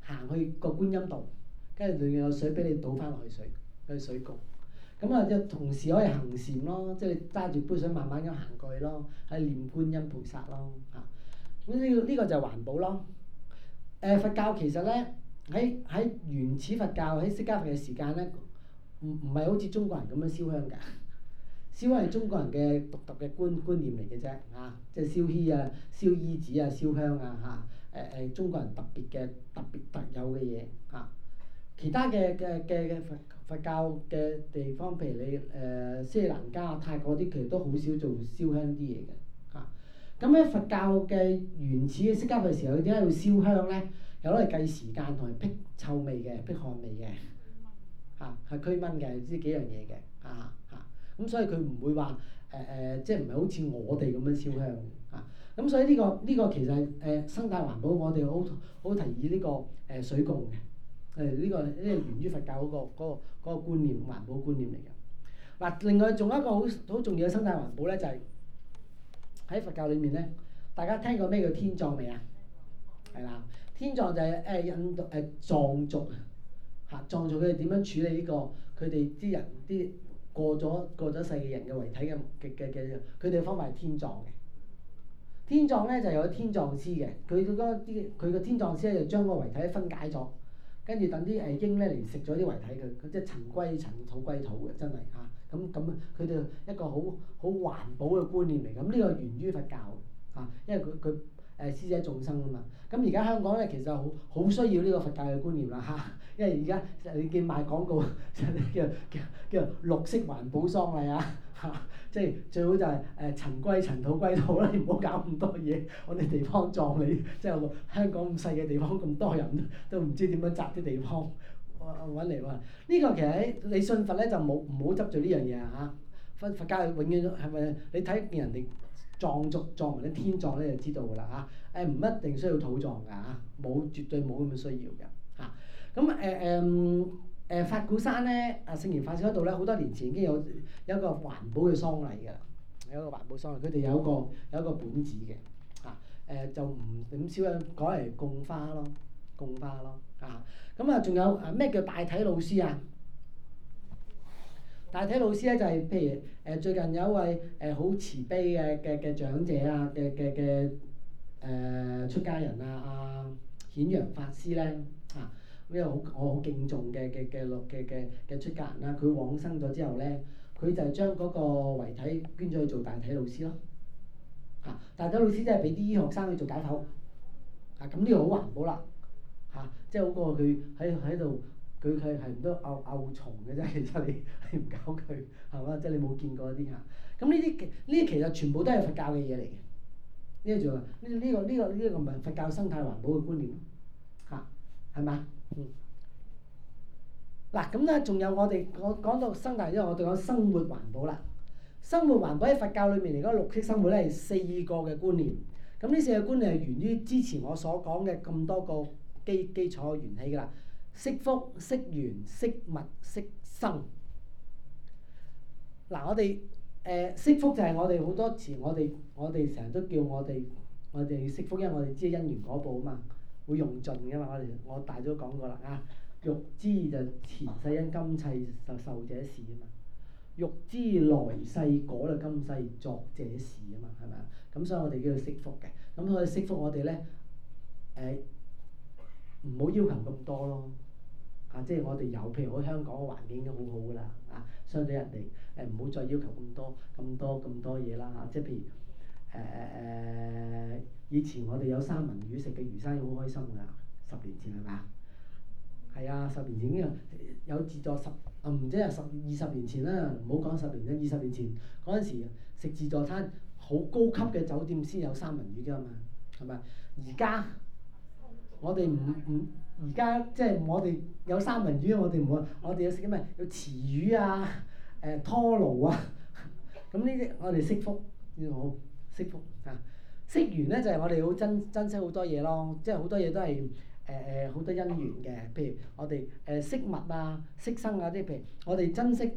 行去個觀音度，跟住仲有水俾你倒翻落去水，嗰水局。咁啊，又同時可以行禪咯，即係你揸住杯水慢慢咁行過去咯，係念觀音菩薩咯嚇。咁呢個呢個就係環保咯。誒、呃、佛教其實咧喺喺原始佛教喺釋迦佛嘅時間咧，唔唔係好似中國人咁樣燒香㗎。燒香係中國人嘅獨特嘅觀觀念嚟嘅啫，啊，即係燒香啊、燒衣子啊、燒香啊嚇，誒誒，中國人特別嘅特別特有嘅嘢嚇。其他嘅嘅嘅嘅佛佛教嘅地方，譬如你誒、呃、斯里蘭卡啊、泰國啲，其實都好少做燒香啲嘢嘅嚇。咁、啊、喺佛教嘅原始嘅釋迦佛時候，佢點解要燒香咧？有攞嚟計時間，同埋辟臭味嘅、辟汗味嘅嚇，係、啊、驅蚊嘅，即幾樣嘢嘅啊。啊咁、嗯、所以佢唔會話誒誒，即係唔係好似我哋咁樣燒香啊？咁所以呢、這個呢、這個其實誒、呃、生態環保我，我哋好好提議呢、這個誒、呃、水共，嘅誒呢個，呢個源於佛教嗰、那個嗰、那個那個觀念，環保觀念嚟嘅。嗱、啊，另外仲有一個好好重要嘅生態環保咧，就係、是、喺佛教裏面咧，大家聽過咩叫天葬未天壯 啊？係啦，天葬就係誒印度誒藏族啊，嚇藏族佢哋點樣處理呢、這個？佢哋啲人啲。過咗過咗世嘅人嘅遺體嘅嘅嘅，佢哋嘅方法係天葬嘅。天葬咧就係、有天葬師嘅，佢啲佢個天葬師咧就將個遺體分解咗，跟住等啲誒鷹咧嚟食咗啲遺體佢，即係塵歸塵土歸土嘅，真係啊！咁咁佢哋一個好好環保嘅觀念嚟㗎，咁呢個源於佛教啊，因為佢佢。誒，師姐眾生啊嘛，咁而家香港咧，其實好好需要呢個佛教嘅觀念啦嚇、啊，因為而家你見賣廣告，就是、叫叫叫綠色環保喪禮啊嚇，即、啊、係、啊就是、最好就係誒塵歸塵，土歸土啦，唔好搞咁多嘢。我哋地方葬你，即、就、係、是、香港咁細嘅地方，咁多人都唔知點樣擸啲地方揾嚟話，呢、這個其實你信佛咧就冇，唔好執住呢樣嘢啊佛、啊、佛教永遠係咪你睇人哋。藏族壯、藏民啲天葬咧就知道噶啦嚇。誒、啊、唔一定需要土葬噶嚇，冇、啊、絕對冇咁嘅需要嘅吓，咁誒誒誒法鼓山咧，阿聖嚴法師嗰度咧，好多年前已經有有一個環保嘅喪禮噶，有一個環保喪禮，佢哋、嗯、有一個有一個本子嘅吓，誒、啊啊、就唔點燒嘅，改嚟供花咯，供花咯啊。咁啊，仲有誒咩、啊、叫大體老師啊？大體老師咧就係、是、譬如誒、呃、最近有一位誒好、呃、慈悲嘅嘅嘅長者啊，嘅嘅嘅誒出家人啊，阿顯揚法師咧嚇，咁又好我好敬重嘅嘅嘅嘅嘅嘅出家人啦，佢往生咗之後咧，佢就係將嗰個遺體捐咗去做大體老師咯嚇、啊、大體老師即係俾啲醫學生去做解剖嚇，咁呢個好環保啦嚇、啊、即係好過佢喺喺度。佢佢係唔多拗餡蟲嘅啫，其實你你唔搞佢係嘛？即係你冇見過啲嘢。咁呢啲呢啲其實全部都係佛教嘅嘢嚟嘅。呢就呢呢個呢、這個呢一、這個咪、這個、佛教生態環保嘅觀念咯，嚇係嘛？嗯。嗱咁咧，仲有我哋我講到生態因後，我哋講生活環保啦。生活環保喺佛教裏面嚟講，綠色生活咧係四個嘅觀念。咁呢四個觀念係源於之前我所講嘅咁多個基基礎元氣㗎啦。惜福、惜緣、惜物、惜生。嗱，我哋誒惜福就係我哋好多次，我哋我哋成日都叫我哋我哋要惜福，因為我哋知因緣果報啊嘛，會用盡噶嘛。我哋我大早講過啦啊，欲知就前世因今世受受者事啊嘛，欲知來世果就今世作者事啊嘛，係咪啊？咁所以我哋都要惜福嘅，咁我哋惜福我哋咧誒唔好要求咁多咯。啊！即係我哋有，譬如我香港嘅環境已經好好噶啦，啊，相對人哋誒唔好再要求咁多咁多咁多嘢啦嚇、啊。即係譬如誒誒誒，以前我哋有三文魚食嘅魚生，好開心噶。十年前係咪啊？係啊，十年前已經有自助十嗯，唔知、啊、係十二十年前啦，唔好講十年啦，二十年前嗰陣時食自助餐，好高級嘅酒店先有三文魚噶嘛，係咪？而家、嗯、我哋唔。唔、嗯。而家即係我哋有三文魚，我哋唔好，我哋要食咩？有池魚啊，誒、呃、拖羅啊，咁呢啲我哋惜福，好、嗯、惜福嚇。惜、啊、完咧就係、是、我哋好珍珍惜好多嘢咯，即係好多嘢都係誒誒好多因緣嘅，譬如我哋誒惜物啊、惜生啊啲，譬如我哋珍惜誒、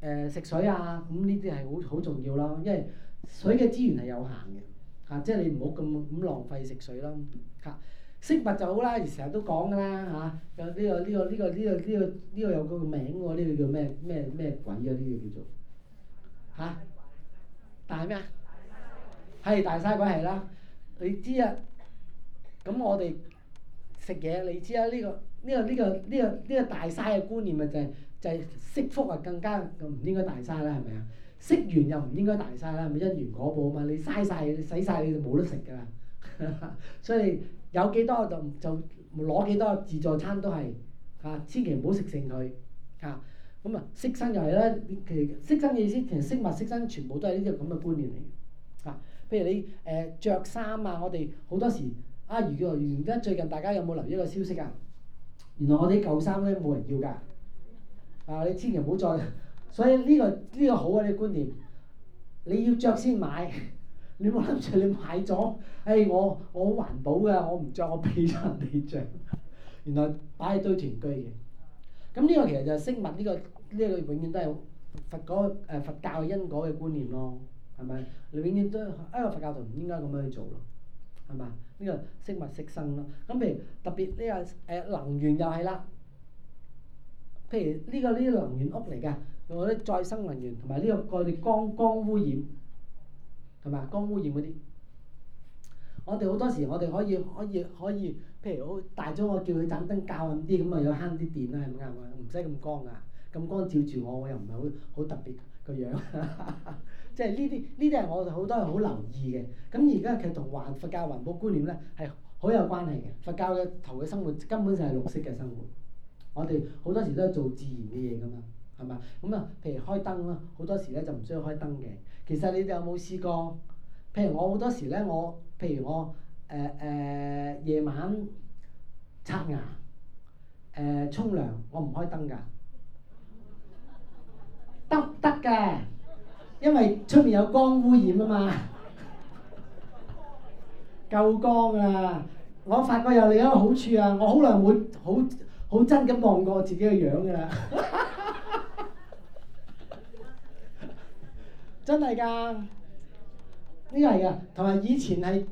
呃、食水啊，咁呢啲係好好重要啦，因為水嘅資源係有限嘅嚇，即、啊、係、就是、你唔好咁咁浪費食水啦嚇。啊惜物就好啦，而成日都講噶啦嚇。有、啊、呢、這個呢、這個呢、這個呢、這個呢、這個呢、這個有個名喎，呢、這個叫咩咩咩鬼啊？呢、這個叫做但係咩啊？係大嘥鬼係啦。你知啊？咁我哋食嘢，你知啦。呢、這個呢、這個呢、這個呢、這個呢、這個大嘥嘅觀念咪就係、是、就係、是、惜福啊，更加唔應該大嘥啦，係咪啊？惜完又唔應該大嘥啦，咪因緣果報啊嘛。你嘥晒，你使晒，你就冇得食噶啦。 所以。有幾多就就攞幾多，自助餐都係嚇、啊，千祈唔好食剩佢嚇。咁啊，惜、嗯、身又係啦，其實惜身嘅意思，其實惜物惜身，全部都係呢啲咁嘅觀念嚟嘅嚇。譬如你誒著衫啊，我哋好多時啊，如果而家最近大家有冇留意一個消息啊？原來我哋啲舊衫咧冇人要㗎，啊！你千祈唔好再，所以呢、呢個呢、呢個好啊啲、呢個、觀念，你要着先買。你冇諗住你買咗？誒、哎，我我好環保噶，我唔著，我俾曬人哋著。原來擺喺堆填區嘅。咁呢個其實就係惜物呢、這個呢、這個永遠都係佛嗰佛教嘅、呃、因果嘅觀念咯，係咪？你永遠都一個、哎、佛教徒就唔應該咁樣去做咯，係嘛？呢、這個惜物惜生咯、啊。咁譬如特別呢個誒能源又係啦，譬如呢、這個呢啲、這個、能源屋嚟嘅，用啲再生能源同埋呢個過光光污染，係嘛？光污染嗰啲，我哋好多時，我哋可以可以可以，譬如我大咗，我叫佢盞燈較暗啲，咁啊要慳啲電啦，係咪啱啊？唔使咁光啊，咁光照住我，我又唔係好好特別個樣，即係呢啲呢啲係我好多係好留意嘅。咁而家其實同環佛教環保觀念咧係好有關係嘅。佛教嘅頭嘅生活根本就係綠色嘅生活。我哋好多時都係做自然嘅嘢㗎嘛，係嘛？咁啊，譬如開燈啦，好多時咧就唔需要開燈嘅。其實你哋有冇試過？譬如我好多時咧，我譬如我誒誒、呃呃、夜晚刷牙、誒沖涼，我唔開燈㗎，得唔得㗎？因為出面有光污染啊嘛， 夠光啊！我發覺有另一個好處啊，我好耐冇好好真咁望過自己嘅樣㗎啦。 真係㗎，呢個係㗎，同埋以前係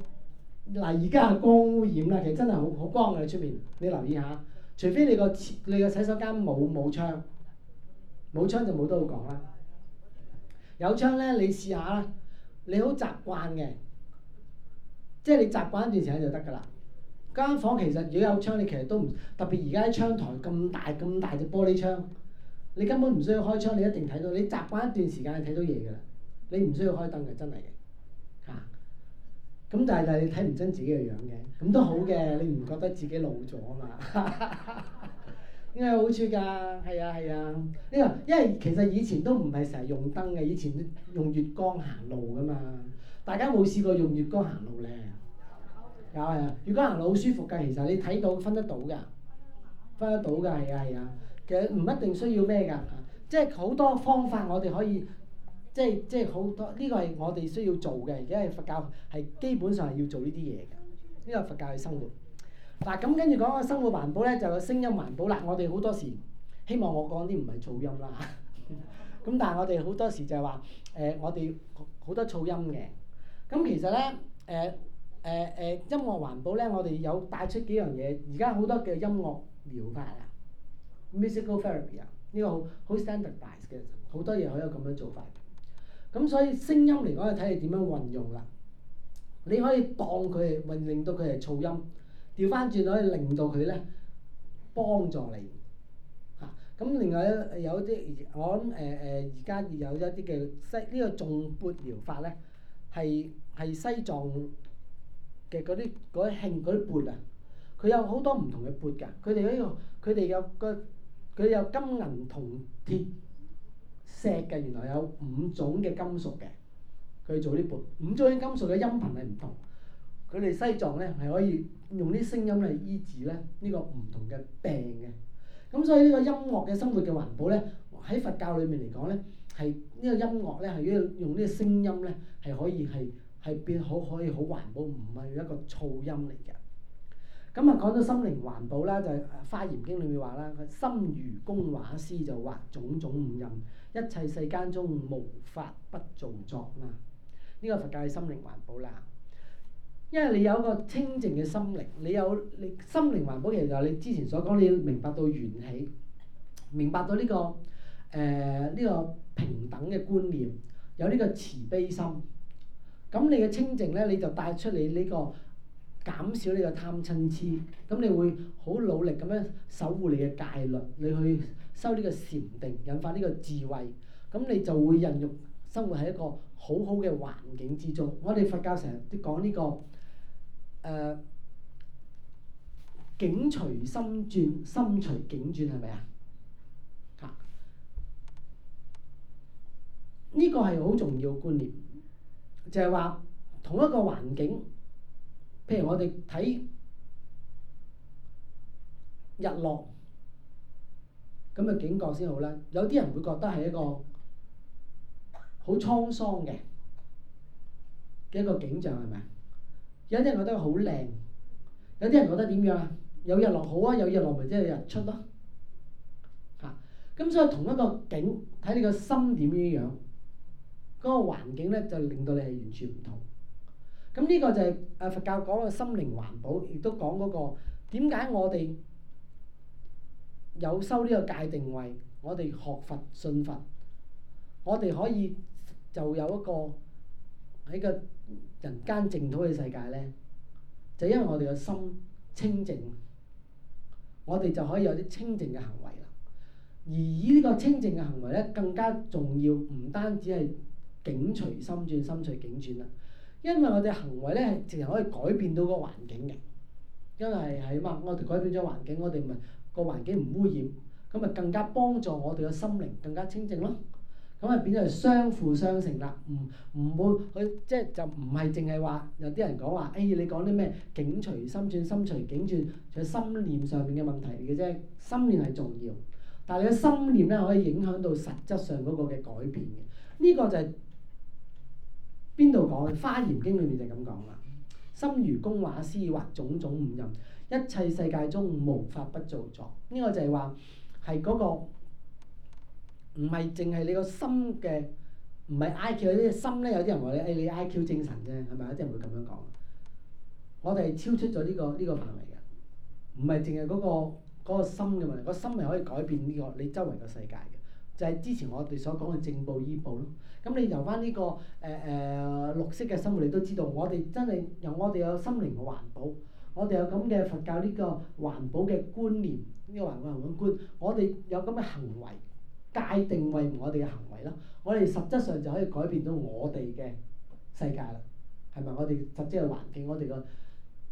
嗱，而家係光污染啦。其實真係好好光嘅你出面，你留意下。除非你個你個洗手間冇冇窗，冇窗就冇得好講啦。有窗咧，你試下啦，你好習慣嘅，即係你習慣一段時間就得㗎啦。間房其實如果有窗，你其實都唔特別。而家喺窗台咁大咁大隻玻璃窗，你根本唔需要開窗，你一定睇到。你習慣一段時間，你睇到嘢㗎啦。你唔需要開燈嘅，真係嘅嚇。咁、啊就係、但係但係你睇唔真自己嘅樣嘅，咁都好嘅。你唔覺得自己老咗嘛？點 解有好處㗎？係啊係啊。呢個、啊、因為其實以前都唔係成日用燈嘅，以前都用月光行路㗎嘛。大家冇試過用月光行路咧？有，係啊，月光行路好舒服㗎。其實你睇到分得到㗎，分得到㗎，係啊係啊。其實唔一定需要咩㗎，即係好多方法我哋可以。即係即係好多呢、這個係我哋需要做嘅，因為佛教係基本上係要做呢啲嘢嘅，呢、這個佛教嘅生活。嗱、啊、咁跟住講個生活環保咧，就有聲音環保啦。我哋好多時希望我講啲唔係噪音啦，咁、 嗯、但係我哋好多時就係話誒，我哋好多噪音嘅。咁、嗯、其實咧誒誒誒音樂環保咧，我哋有帶出幾樣嘢。而家好多嘅音樂療法啊，musical therapy 啊，呢個好好 standardised 嘅，好多嘢可以有咁樣做法。咁、嗯、所以聲音嚟講，就睇你點樣運用啦。你可以當佢係，運令到佢係噪音；調翻轉可以令到佢咧幫助你。嚇、啊！咁、嗯、另外咧，有啲我諗誒誒，而家有一啲嘅、呃呃、西呢、這個重撥療法咧，係係西藏嘅嗰啲嗰啲磬嗰啲撥啊。佢有好多唔同嘅撥㗎。佢哋呢個佢哋有個佢有，有金銀銅鐵。嗯石嘅原來有五種嘅金屬嘅，佢做呢本。五種嘅金屬嘅音頻係唔同，佢哋西藏咧係可以用啲聲音嚟醫治咧呢個唔同嘅病嘅，咁所以呢個音樂嘅生活嘅環保咧喺佛教裏面嚟講咧係呢個音樂咧係用呢個聲音咧係可以係係變好可以好環保，唔係一個噪音嚟嘅。咁啊，講到心靈環保啦，就係、是《華嚴經》裏面話啦，心如工畫師就畫種種五陰，一切世間中無法不做作啦。呢個係佛教嘅心靈環保啦。因為你有一個清淨嘅心靈，你有你心靈環保，其實就係你之前所講，你要明白到緣起，明白到呢、這個誒呢、呃這個平等嘅觀念，有呢個慈悲心。咁你嘅清淨咧，你就帶出你呢、這個。減少你嘅貪嗔痴，咁你會好努力咁樣守護你嘅戒律，你去修呢個禪定，引發呢個智慧，咁你就會孕育生活喺一個好好嘅環境之中。我哋佛教成日都講呢個、這個誒、呃、境隨心轉，心隨境轉，係咪啊？嚇！呢個係好重要嘅觀念，就係、是、話同一個環境。譬如我哋睇日落，咁嘅景覺先好啦。有啲人會覺得係一個好滄桑嘅嘅一個景象，係咪？有啲人覺得好靚，有啲人覺得點樣？有日落好啊，有日落咪即係日出咯、啊。嚇、啊！咁所以同一個景，睇你個心點樣樣，嗰個環境咧就令到你係完全唔同。咁呢個就係誒佛教講嘅心靈環保，亦都講嗰、那個點解我哋有修呢個戒定慧，我哋學佛信佛，我哋可以就有一個喺個人間淨土嘅世界咧，就因為我哋嘅心清淨，我哋就可以有啲清淨嘅行為啦。而呢個清淨嘅行為咧，更加重要，唔單止係境隨心轉，心隨境轉啦。因為我哋行為咧，係淨係可以改變到個環境嘅。因為係嘛，我哋改變咗環境，我哋咪、個環境唔污染，咁咪更加幫助我哋嘅心靈更加清淨咯。咁啊變咗相輔相成啦，唔、嗯、唔會佢即係就唔係淨係話有啲人講話，誒、哎、你講啲咩境隨心轉，心隨境轉，就係心念上面嘅問題嚟嘅啫。心念係重要，但係你嘅心念咧可以影響到實質上嗰個嘅改變嘅。呢、這個就係、是。邊度講《華嚴經》裏面就係咁講啦，心如工畫師畫種種五陰，一切世界中無法不造作。呢、這個就係話係嗰個唔係淨係你個心嘅，唔係 I Q。呢啲心咧，有啲人話你誒你 I Q 精神啫，係咪？有啲人會咁樣講。我哋係超出咗呢、這個呢、這個範圍嘅，唔係淨係嗰個心嘅問題。個心係可以改變呢、這個你周圍個世界嘅。就係之前我哋所講嘅正報依報咯。咁你由返、這、呢個誒誒、呃呃、綠色嘅生活，你都知道我哋真係由我哋有心靈嘅環保，我哋有咁嘅佛教呢個環保嘅觀念，呢、這個環保環境觀，我哋有咁嘅行為界定為我哋嘅行為咯。我哋實質上就可以改變到我哋嘅世界啦，係咪？我哋實質嘅環境，我哋個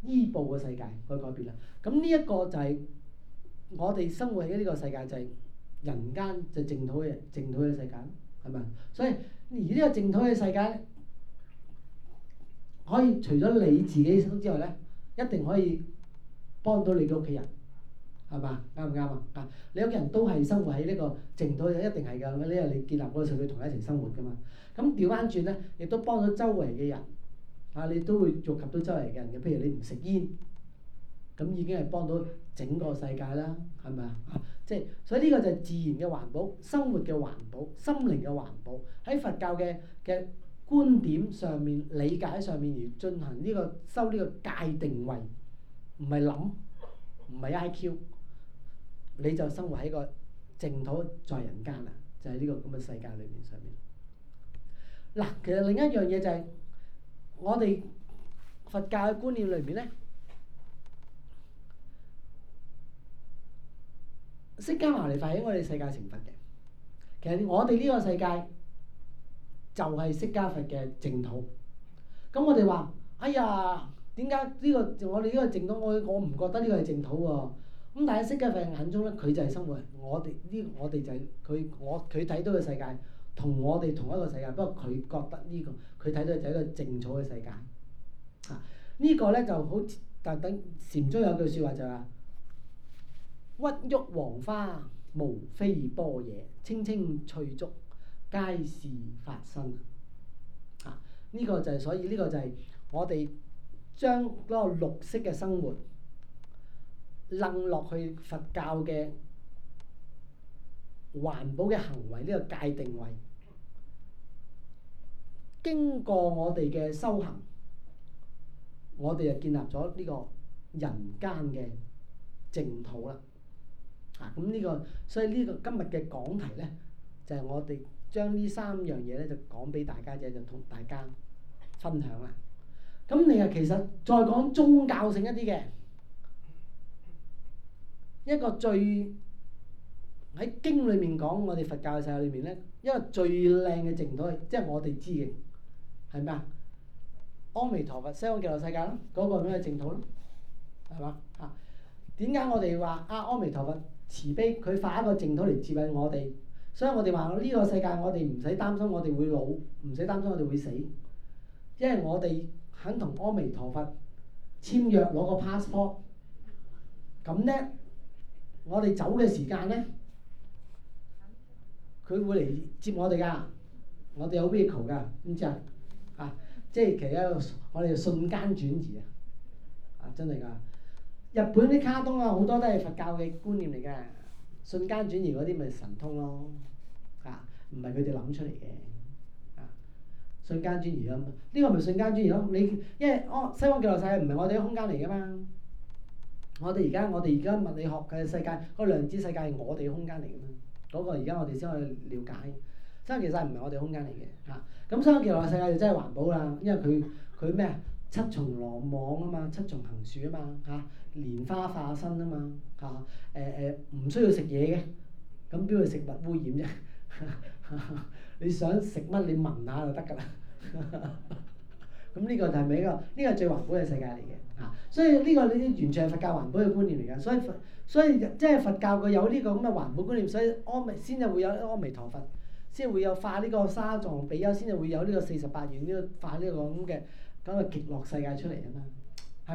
依報嘅世界去改變啦。咁呢一個就係、是、我哋生活喺呢個世界就係、是。人間就淨土嘅，淨土嘅世界咯，係咪？所以而呢個淨土嘅世界，可以除咗你自己身之外咧，一定可以幫到你嘅屋企人，係嘛？啱唔啱啊？啊，你屋企人都係生活喺呢個淨土，一定係㗎。呢為你建立個社會同一齊生活㗎嘛。咁調翻轉咧，亦都幫到周圍嘅人，啊，你都會觸及到周圍嘅人嘅，啊。譬如你唔食煙，咁已經係幫到整個世界啦，係咪啊？即係，所以呢個就係自然嘅環保、生活嘅環保、心靈嘅環保，喺佛教嘅嘅觀點上面、理解上面而進行呢個修呢個戒定慧，唔係諗，唔係 IQ，你就生活喺個淨土在人間啦，就喺呢個咁嘅世界裏面上面。嗱，其實另一樣嘢就係我哋佛教嘅觀念裏面咧。釋迦牟尼佛喺我哋世界成佛嘅，其實我哋呢個世界就係釋迦佛嘅淨土。咁我哋話：哎呀，點解呢個我哋呢個淨土，我我唔覺得呢個係淨土喎？咁但係釋迦佛眼中咧，佢就係生活我。我哋呢，我哋就係佢，我佢睇到嘅世界同我哋同一個世界，不過佢覺得呢個佢睇到就係一個淨土嘅世界。啊，呢個咧就好，但等禪宗有句説話就係話鬱鬱黃花無非般若，青青翠竹皆是法身。啊，呢、這個就係、是、所以呢個就係我哋將嗰個綠色嘅生活扔落去佛教嘅環保嘅行為呢、這個界定位，經過我哋嘅修行，我哋就建立咗呢個人間嘅淨土啦。啊！咁呢個，所以呢個今日嘅講題咧，就係我哋將呢三樣嘢咧，就講俾大家就就同大家分享啦。咁你外其實再講宗教性一啲嘅，一個最喺經裏面講，我哋佛教世界裏面咧，一個最靚嘅淨土，即係我哋知嘅，係咩啊？阿彌陀佛西方極樂世界咯，嗰個邊係淨土咯？係嘛？啊？點解我哋話啊？阿彌陀佛慈悲，佢化一個淨土嚟接引我哋，所以我哋話呢個世界，我哋唔使擔心，我哋會老，唔使擔心我哋會死，因為我哋肯同阿彌陀佛簽約攞個 passport，咁咧，我哋走嘅時間咧，佢會嚟接我哋噶，我哋有 vehicle 噶，咁就啊，即係其實我哋就瞬間轉移啊，啊真係㗎。日本啲卡通啊，好多都係佛教嘅觀念嚟嘅，瞬間轉移嗰啲咪神通咯，嚇、啊，唔係佢哋諗出嚟嘅，嚇、啊，瞬間轉移咁，呢、這個咪瞬間轉移咯。你因為、哦、西方極樂世界唔係我哋嘅空間嚟噶嘛，我哋而家我哋而家物理學嘅世界，個量子世界係我哋嘅空間嚟噶嘛，嗰、那個而家我哋先可以了解，即係其實係唔係我哋嘅空間嚟嘅，嚇、啊。咁西方極樂世界就真係環保啦，因為佢佢咩啊？七重羅網啊嘛，七重行樹啊嘛，嚇，蓮花化身啊嘛，嚇，誒誒唔需要食嘢嘅，咁邊個食物污染啫、啊？你想食乜？你聞下就得噶啦。咁、啊、呢個就係咪呢個？呢個係最環保嘅世界嚟嘅，啊！所以呢個你完全係佛教環保嘅觀念嚟嘅，所以佛所以，所以即係佛教佢有呢個咁嘅環保觀念，所以阿彌先至會有阿彌陀佛，先會有化呢個沙藏比丘，先至會有呢個四十八願呢個化呢個咁嘅。咁咪極樂世界出嚟啊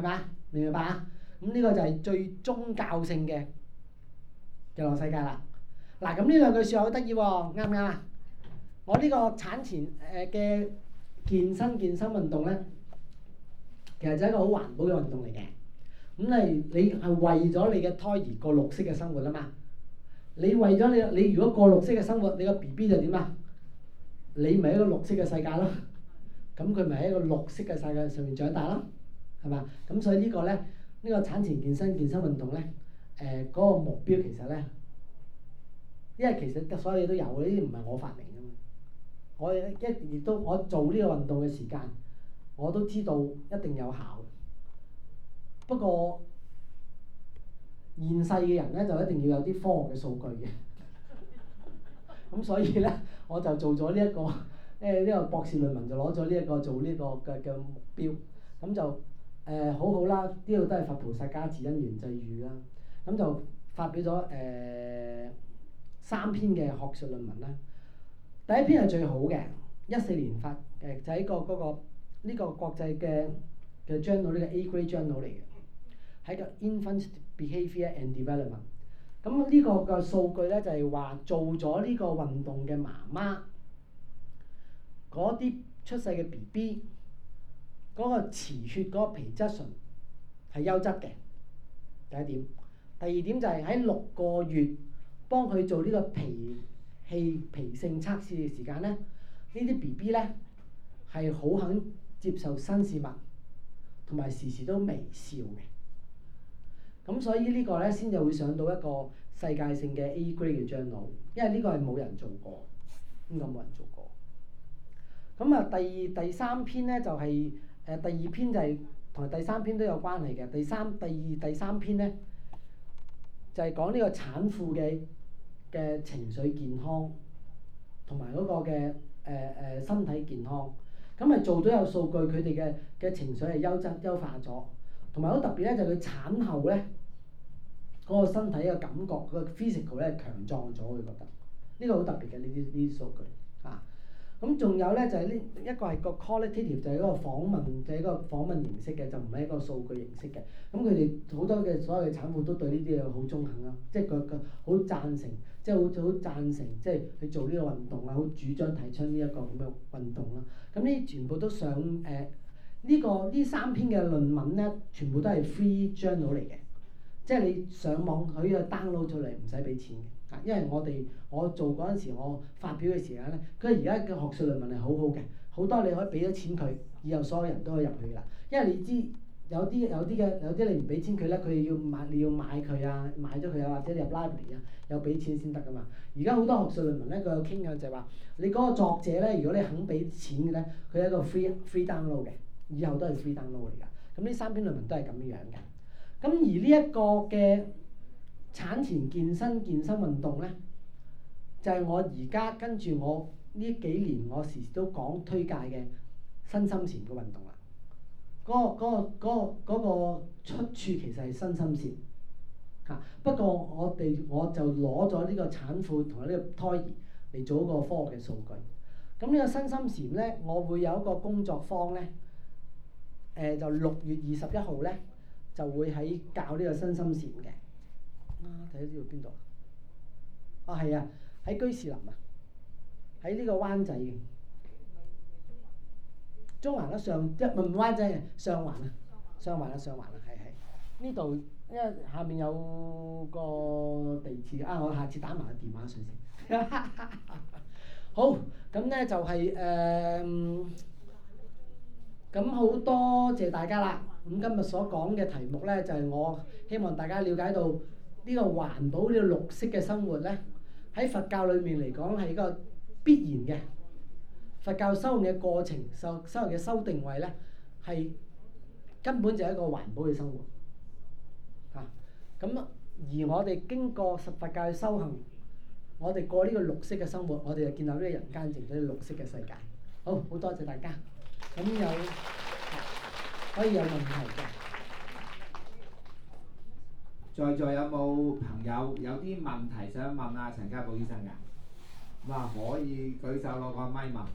嘛，係嘛？明唔明白啊？咁呢個就係最宗教性嘅極樂世界啦。嗱、哦，咁呢兩句說話好得意喎，啱唔啱啊？我呢個產前誒嘅健身健身運動咧，其實就係一個好環保嘅運動嚟嘅。咁例如你係為咗你嘅胎兒過綠色嘅生活啊嘛？你為咗你你如果過綠色嘅生活，你個 B B 就點啊？你咪一個綠色嘅世界咯。咁佢咪喺一個綠色嘅世界上面長大咯，係嘛？咁所以個呢個咧，呢、呢個產前健身健身運動咧，誒、呃、嗰、嗰個目標其實咧，因為其實所有嘢都有呢啲唔係我發明嘅嘛。我一而都我做呢個運動嘅時間，我都知道一定有效。不過現世嘅人咧，就一定要有啲科學嘅數據嘅。咁 所以咧，我就做咗呢一個。 誒呢個博士論文就攞咗呢一個做呢個嘅嘅目標，咁就誒、呃、好好啦，呢度都係佛菩薩加持因緣際遇啦。咁就發表咗誒、呃、三篇嘅學術論文啦。第一篇係最好嘅，一四年發誒就喺、是、個嗰、那個呢、這個國際嘅嘅 journal 呢個 A grade journal 嚟嘅，喺個 Infant Behavior and Development 個個。咁、就、呢、是、個嘅數據咧就係話做咗呢個運動嘅媽媽。嗰啲出世嘅 B B，嗰個臍血嗰個皮質醇係優質嘅。第一點，第二點就係喺六個月幫佢做呢個脾氣脾性測試嘅時間咧，BB 呢啲 B B 咧係好肯接受新事物，同埋時時都微笑嘅。咁所以個呢個咧先至會上到一個世界性嘅 A Grade 嘅 journal，因為呢個係冇人做過，應該冇人做過。咁啊、嗯，第二、第三篇呢就係、是、誒、呃、第二篇就係、是、同第三篇都有關係嘅。第三、第二、第三篇呢，就係講呢個產婦嘅嘅情緒健康同埋嗰個嘅誒誒身體健康。咁、嗯、啊，做咗有數據，佢哋嘅嘅情緒係優質優化咗，同埋好特別呢，就佢、是、產後呢，嗰、那個身體嘅感覺，嗰、那個 physical 呢強壯咗，佢覺得呢、這個好特別嘅呢啲呢啲數據。咁仲有咧，就係呢一個係個 qualitative，就係嗰個訪問嘅嗰個訪問形式嘅，就唔係一個數據形式嘅。咁佢哋好多嘅所有嘅產婦都對呢啲嘢好中肯啊，即係佢佢好贊成，即係好好贊成，即係去做呢個運動啊，好主張提倡呢一個咁嘅運動啦。咁呢全部都上誒呢個呢三篇嘅論文咧，全部都係 free journal 嚟嘅，即係你上網佢又 download 出嚟，唔使俾錢嘅。因為我哋我做嗰陣時，我發表嘅時間咧，佢而家嘅學術論文係好好嘅，好多你可以俾咗錢佢，以後所有人都可以入去嘅啦。因為你知有啲有啲嘅有啲你唔俾錢佢咧，佢要買你要買佢啊，買咗佢啊或者你入 library 啊，有俾錢先得噶嘛。而家好多學術論文咧，佢有傾嘅就係話，你嗰個作者咧，如果你肯俾錢嘅咧，佢係一個 free free download 嘅，以後都係 free download 嚟噶。咁呢三篇論文都係咁樣樣嘅。咁而呢一個嘅。產前健身健身運動咧，就係、是、我而家跟住我呢幾年，我時時都講推介嘅身心禪嘅運動啦。嗰、那個嗰、那個嗰、那個那個出處其實係身心禪嚇、啊，不過我哋我就攞咗呢個產婦同埋呢個胎兒嚟做一個科學嘅數據。咁呢個身心禪咧，我會有一個工作坊咧，誒、呃、就六月二十一號咧就會喺教呢個身心禪嘅。啊！睇到呢度邊度啊？啊，係啊，喺居士林啊，喺呢個灣仔，中環啦，上，唔係灣仔啊，上環啦，上環啦，上環啦，係係呢度，因為下面有個地址啊。我下次打埋個電話上先。好咁咧，就係誒咁好多謝大家啦。咁今日所講嘅題目咧，就係我希望大家瞭解到。呢個環保呢、呢個綠色嘅生活咧，喺佛教裏面嚟講係一個必然嘅。佛教修行嘅過程、修修行嘅修定位咧，係根本就係一個環保嘅生活。嚇、啊，咁而我哋經過十佛界修行，我哋過呢個綠色嘅生活，我哋就建立呢個人間淨土嘅綠色嘅世界。好，好多謝大家，咁有、啊、可以有問題嘅。在座有冇朋友有啲問題想問問啊？陳家寶醫生嘅，嗱可以舉手攞個麥問。